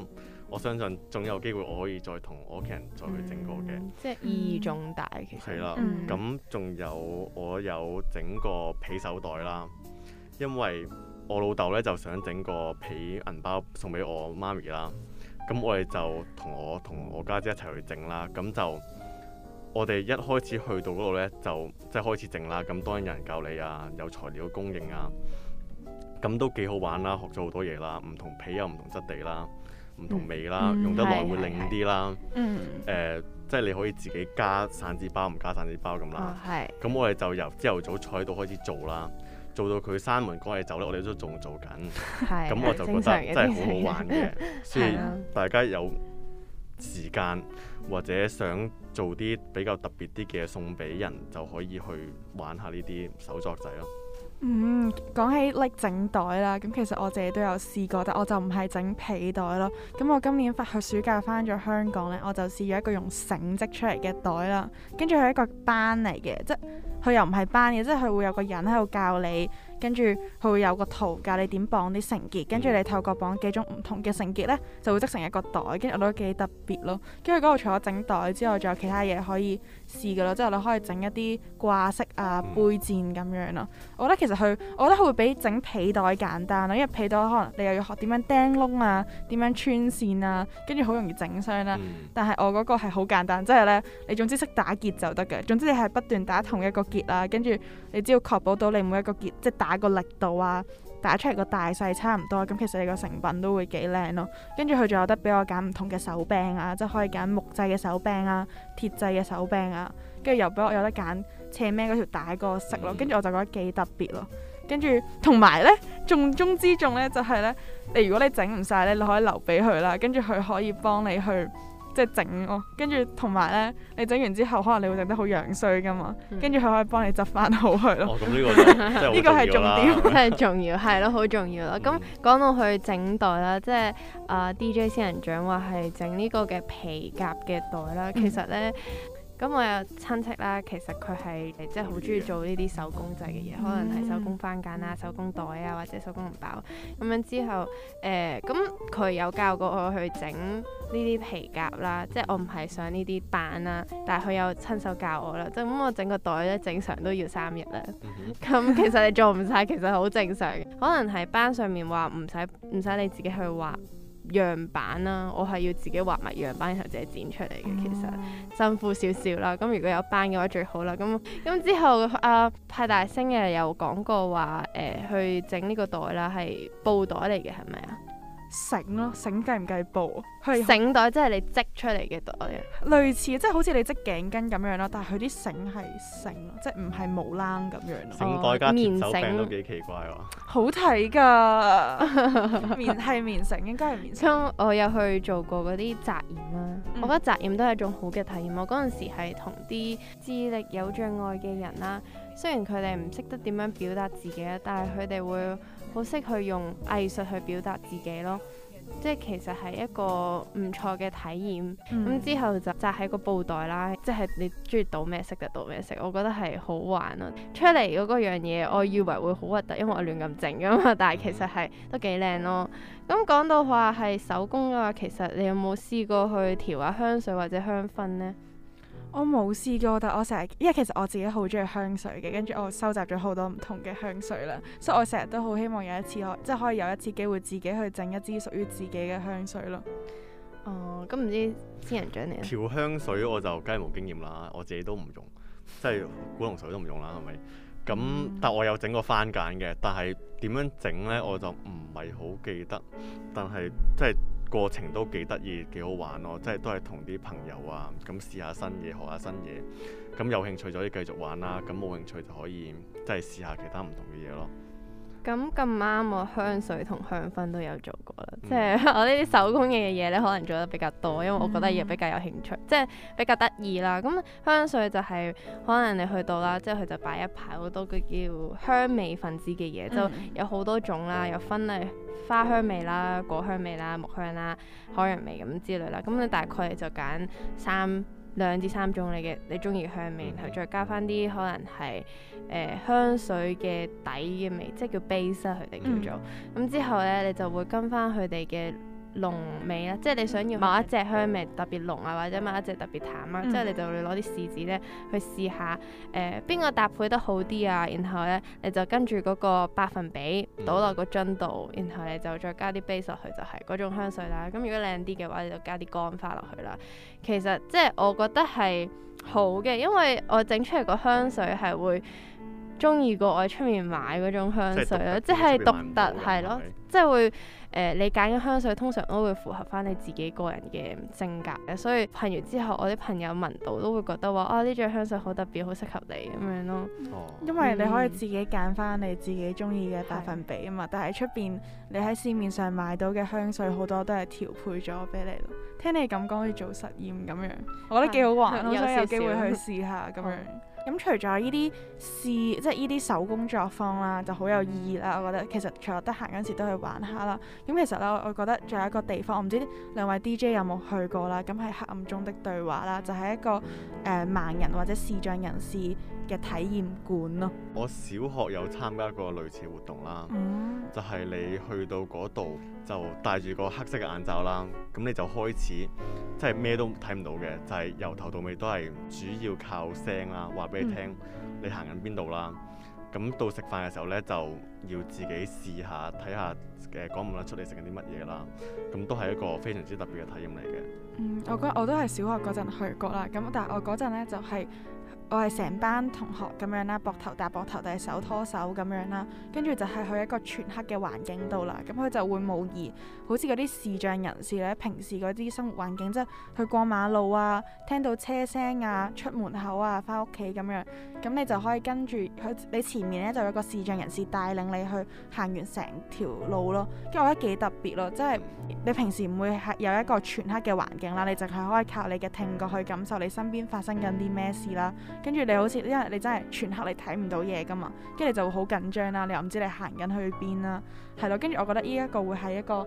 我相信總有機會，我可以再同我屋企人再去整過嘅，即係意義重大。其實係啦，咁仲、嗯、有我有整個皮手袋啦，因為我老豆咧就想整個皮銀包送俾我媽咪啦。咁我哋就同我同我家姐，姐一齊去整啦。咁就我哋一開始去到嗰度咧，就即係、就係、開始整啦。咁當然有人教你啊，有材料供應啊，咁都幾好玩啦，學咗好多嘢啦。唔同皮有唔同質地啦。唔同味啦，嗯、用得耐會靚啲啦。誒，呃嗯、即係你可以自己加散紙包唔加散紙包咁啦。係、哦。咁我哋就由朝頭早菜到開始做啦，做到佢閂門關起走咧，我哋都仲做緊。係是。咁我就覺得真係好好玩嘅，所以的大家有時間或者想做啲比較特別啲嘅送俾人，就可以去玩下呢啲手作仔咯。嗯，講起拎、like, 整袋啦，咁其實我自己都有試過，但我就唔係整皮袋咯。咁我今年發去暑假返咗香港呢，我就試咗一個用繩織出嚟嘅袋啦。跟住佢係一個班嚟嘅，即佢又唔係班嘅，即係佢會有個人喺度教你。跟住佢會有個圖教你點綁啲繩結，跟住、mm hmm. 你透過綁幾種唔同嘅繩結呢，就會織成一個袋，跟住我覺得幾特別咯。跟住嗰度除咗整袋之外，仲有其他嘢可以試噶咯，即係你可以整一啲掛飾啊、杯墊咁樣咯。我覺得其實佢，我覺得佢會比整皮袋簡單咯，因為皮袋可能你又要學點樣釘窿啊、點樣穿線啊，跟住好容易整傷啦、啊。Mm hmm. 但係我嗰個係好簡單，即係呢，你總之識打結就得嘅，總之你係不斷打同一個結啊。跟住你只要確保到你每一個結即係打。打個力度啊，打出嚟個大細差唔多，咁其實你個成品都會幾靚咯。跟住佢仲有得俾我揀唔同嘅手柄啊，即係可以揀木製嘅手柄啊、鐵製嘅手柄啊，跟住又俾我有得揀斜孭嗰條帶個色咯。跟住我就覺得幾特別咯。跟住同埋呢，重中之重呢就係呢：你如果你整唔晒呢，你可以留俾佢啦。跟住佢可以幫你去。即係整哦，跟住同埋咧，你整完之後可能你會整得好樣衰噶嘛，跟住佢可以幫你執翻好佢咯。呢、哦、個呢、就、係、是、 重，重點，真係 重要，係咯， 好重要咯。咁、嗯、講到去整袋啦，即係啊、呃、DJ 仙人掌話係整呢個嘅皮夾嘅袋啦，嗯、其實咧。嗯咁我有親戚啦，其實佢係即係好中意做呢啲手工製嘅嘢，嗯、可能係手工翻間啦、手工袋啊或者手工籃包咁樣之後，誒咁佢有教過我去整呢啲皮夾啦，即係我唔係上呢啲班啦，但係佢有親手教我啦，就咁我整個袋咧正常都要三日啦，咁、嗯、哼其實你做唔晒， 其實好正常，可能係班上面話唔使唔使你自己去畫。樣版啦、啊，我係要自己畫埋樣版，然後自己剪出嚟嘅。其實辛苦少少啦。咁如果有班嘅話最好啦。咁咁之後，啊、呃，派大星嘅、啊、又講過話誒、呃，去整呢個袋啦，係布袋嚟嘅，係咪啊？繩咯，繩計唔計步？繩袋即係你織出嚟嘅袋，類似即係、就是、好似你織頸巾咁樣咯，但係佢啲繩係繩，即係唔係毛冷咁樣咯。棉袋都幾奇怪喎、哦。好睇㗎，棉係棉繩，應該係棉。我有去做過嗰啲實驗啦，嗯、我覺得實驗都係一種好嘅體驗。我嗰陣時係同啲智力有障礙嘅人啦，雖然佢哋唔識得點樣表達自己啦，但係佢哋會。好識去用藝術去表達自己咯，即係其實係一個唔錯嘅體驗。咁、mm hmm. 之後就紮喺個布袋啦，即係你中意倒咩色就倒咩色，我覺得係好玩咯、啊。出嚟嗰樣嘢，我以為會好核突，因為我亂咁整㗎嘛，但係其實係都幾靚咯。咁講到話係手工嘅話，其實你有冇試過去調下香水或者香薰呢？我冇試過，但我成日，因為其實我自己好中意香水嘅，跟住我收集咗好多唔同嘅香水啦，所以我成日都好希望有一次可以，即係可以有一次機會自己去整一支屬於自己嘅香水咯。哦、嗯，咁唔知仙人掌你調香水我就梗係冇經驗啦，我自己都唔用，即係古龍水都唔用啦，係咪？咁，但我有整個番梘嘅，但係點樣整呢？我就唔係好記得，但係即係。過程都幾得意，幾好玩咯！即係都係同啲朋友啊，咁試下新嘢，學下新嘢。咁有興趣就可以繼續玩啦，咁冇興趣就可以，即係試下其他唔同嘅嘢咯。咁咁啱，我香水同香薰都有做過啦，即係、嗯、 我呢啲手工嘅嘢咧，可能做得比較多，因為我覺得嘢比較有興趣，即係、嗯、比較得意啦。咁香水就係可能你去到啦，即係佢就擺、是、一排好多個叫香味分子嘅嘢，嗯、就有好多種啦，有分類花香味啦、果香味啦、木香啦、海洋味咁之類啦。咁你大概就揀三，兩至三種你嘅你中意嘅香味，然後再加翻啲可能係誒、呃、香水嘅底嘅味，即係叫 base 啊、佢哋叫做。咁、嗯、之後咧，你就會跟翻佢哋嘅。濃味啦，即係你想要某一隻香味特別濃啊，或者某一隻特別淡啊，嗯、即係你就攞啲試紙咧去試下，誒邊個搭配得好啲啊？然後咧你就跟住嗰個百分比倒落個樽度，嗯、然後你就再加啲 base 落去就係、是、嗰種香水啦。咁如果靚啲嘅話，你就加啲乾花落去啦。其實即係我覺得係好嘅，因為我整出嚟個香水係會中意過我喺出面買嗰種香水咯，即係獨特係咯，即係嗎、就是、會。誒、呃，你揀嘅香水通常都會符合翻你自己個人嘅性格嘅，所以噴完之後，我啲朋友聞到都會覺得話，哇、啊，呢隻香水好特別，好適合你咁樣咯。因為你可以自己揀翻你自己中意嘅百分比啊嘛。是但係出邊你喺市面上買到嘅香水好多都係調配咗俾你。聽你咁講，好似做實驗咁樣，我覺得幾好玩咯，所以是有機會去試下咁樣。咁除咗呢啲試，即係呢啲手工作坊啦、啊，就好有意義、啊、啦。我覺得其實除咗得閒嗰時都去玩下啦。咁其實咧，我覺得仲有一個地方，我唔知兩位 DJ 有冇去過啦。咁係黑暗中的對話啦，就係、是、一個誒、呃、盲人或者視障人士嘅體驗館咯。我小學有參加過類似活動啦，嗯、就係你去到嗰度就戴住個黑色嘅眼罩啦，咁你就開始即係咩都睇唔到嘅，就係、是就是、由頭到尾都係主要靠聲啦，話俾你聽、嗯、你行緊邊度啦。咁到食飯嘅時候呢，就要自己試下睇下。看看嘅講唔啦，出嚟食緊啲乜嘢啦，咁都係一個非常之特別嘅體驗嚟嘅。嗯，我覺得我都係小學嗰陣去過啦，咁但係我嗰陣咧就係、是。我係成班同學咁樣啦，膊頭搭膊頭，定係手拖手咁樣啦，跟住就係去一個全黑嘅環境度啦。咁佢就會模擬，好似嗰啲視障人士咧，平時嗰啲生活環境，即係去過馬路啊，聽到車聲啊，出門口啊，翻屋企咁樣。咁你就可以跟住佢，你前面咧就有個視障人士帶領你去行完成條路咯。跟住我覺得幾特別咯，即係你平時唔會係有一個全黑嘅環境啦，你淨係可以靠你嘅聽覺去感受你身邊發生緊啲咩事啦。嗯嗯。跟住你好似，因為你真係全黑，你睇唔到嘢㗎嘛，跟住你就會好緊張啦，你又唔知你行緊去邊啦，係咯。跟住我覺得呢一個會係一個誒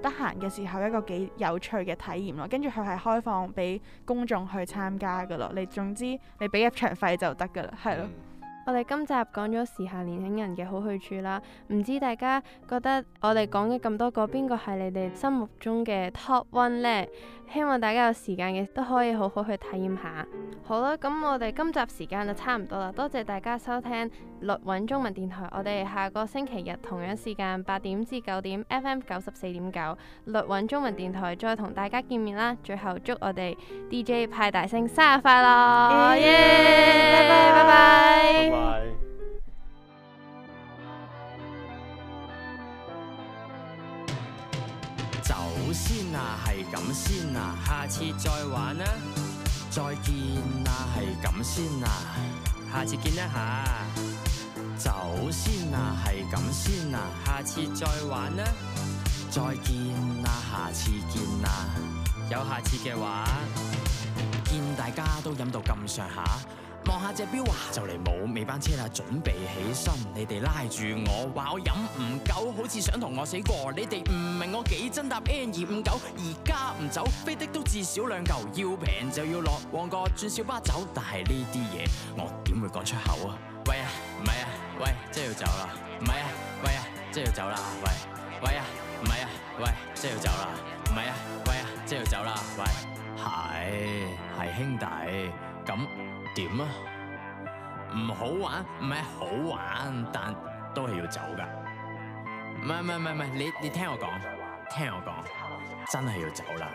得閒嘅時候，一個幾有趣嘅體驗咯。跟住佢係開放俾公眾去參加㗎咯，你總之你俾入場費就得㗎啦，係咯。嗯我哋今集講咗時下年輕人嘅好去處啦，唔知大家覺得我哋講嘅咁多個邊個係你哋心目中嘅 Top One 呢？希望大家有時間嘅都可以好好去體驗下。好啦，咁我哋今集時間就差唔多啦，多謝大家收聽律韻中文電台，我哋下個星期日同樣時間八點至九點 FM 九十四點九律韻中文電台再同大家見面啦。最後祝我哋 DJ 派大星生日快樂！耶！拜拜拜拜。Bye. 走先啊，係咁先啊，下次再玩啦，啊。再見啊，係咁先啊，下次見一下。走先啊，係咁先啊，下次再玩啦，啊。再見啊，下次見啊。有下次嘅話，見大家都飲到咁上下。望下隻表啊，就嚟冇尾班車啦，準備起身。你哋拉住我，話我飲唔夠，好似想同我死過。你哋唔明我幾真搭 N 二五九，而家唔走，飛的都至少兩嚿，要平就要落旺角轉小巴走。但係呢啲嘢，我點會講出口啊？喂啊，唔係啊，喂，即係要走啦。唔係啊，喂啊，即係要走啦。喂，喂啊，唔係啊，喂，即係要走啦。唔係啊，喂啊，即係要走啦。喂，係係兄弟，咁。點啊？唔好玩，唔係好玩，但都係要走噶。唔係唔係唔係，你你聽我講，聽我講，真係要走啦。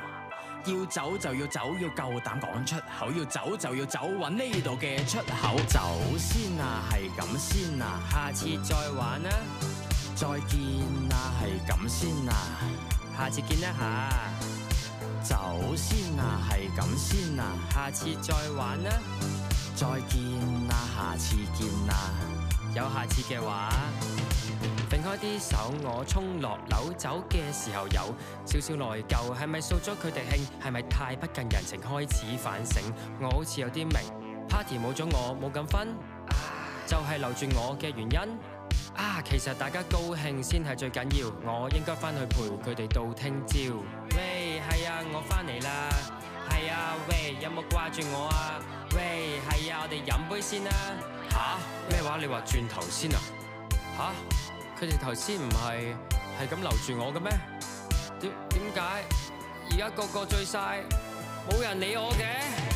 要走就要走，要夠膽講出口。要走就要走，搵呢度嘅出口走先啊！係咁先啊！下次再玩啦，啊。再見啦！係咁先啊！下次見啦吓。走先啊！係咁先啊！下次再玩啦，啊。再見啦、啊，下次見啦、啊。有下次嘅話，甩開啲手，我衝落樓走嘅時候有少少內疚，係咪掃咗佢哋興？係咪太不近人情？開始反省，我好似有啲明，party 冇咗我冇咁分，啊、就係留住我嘅原因。啊，其實大家高興先係最緊要，我應該翻去陪佢哋到聽朝。喂，係啊，我翻嚟啦。啊，喂，有冇掛住我啊？喂，係啊，我哋飲杯先啦。吓？咩話？你話轉頭先啊？吓？佢哋頭先唔係係咁留住我嘅咩？點點解而家個個醉晒，冇人理我嘅？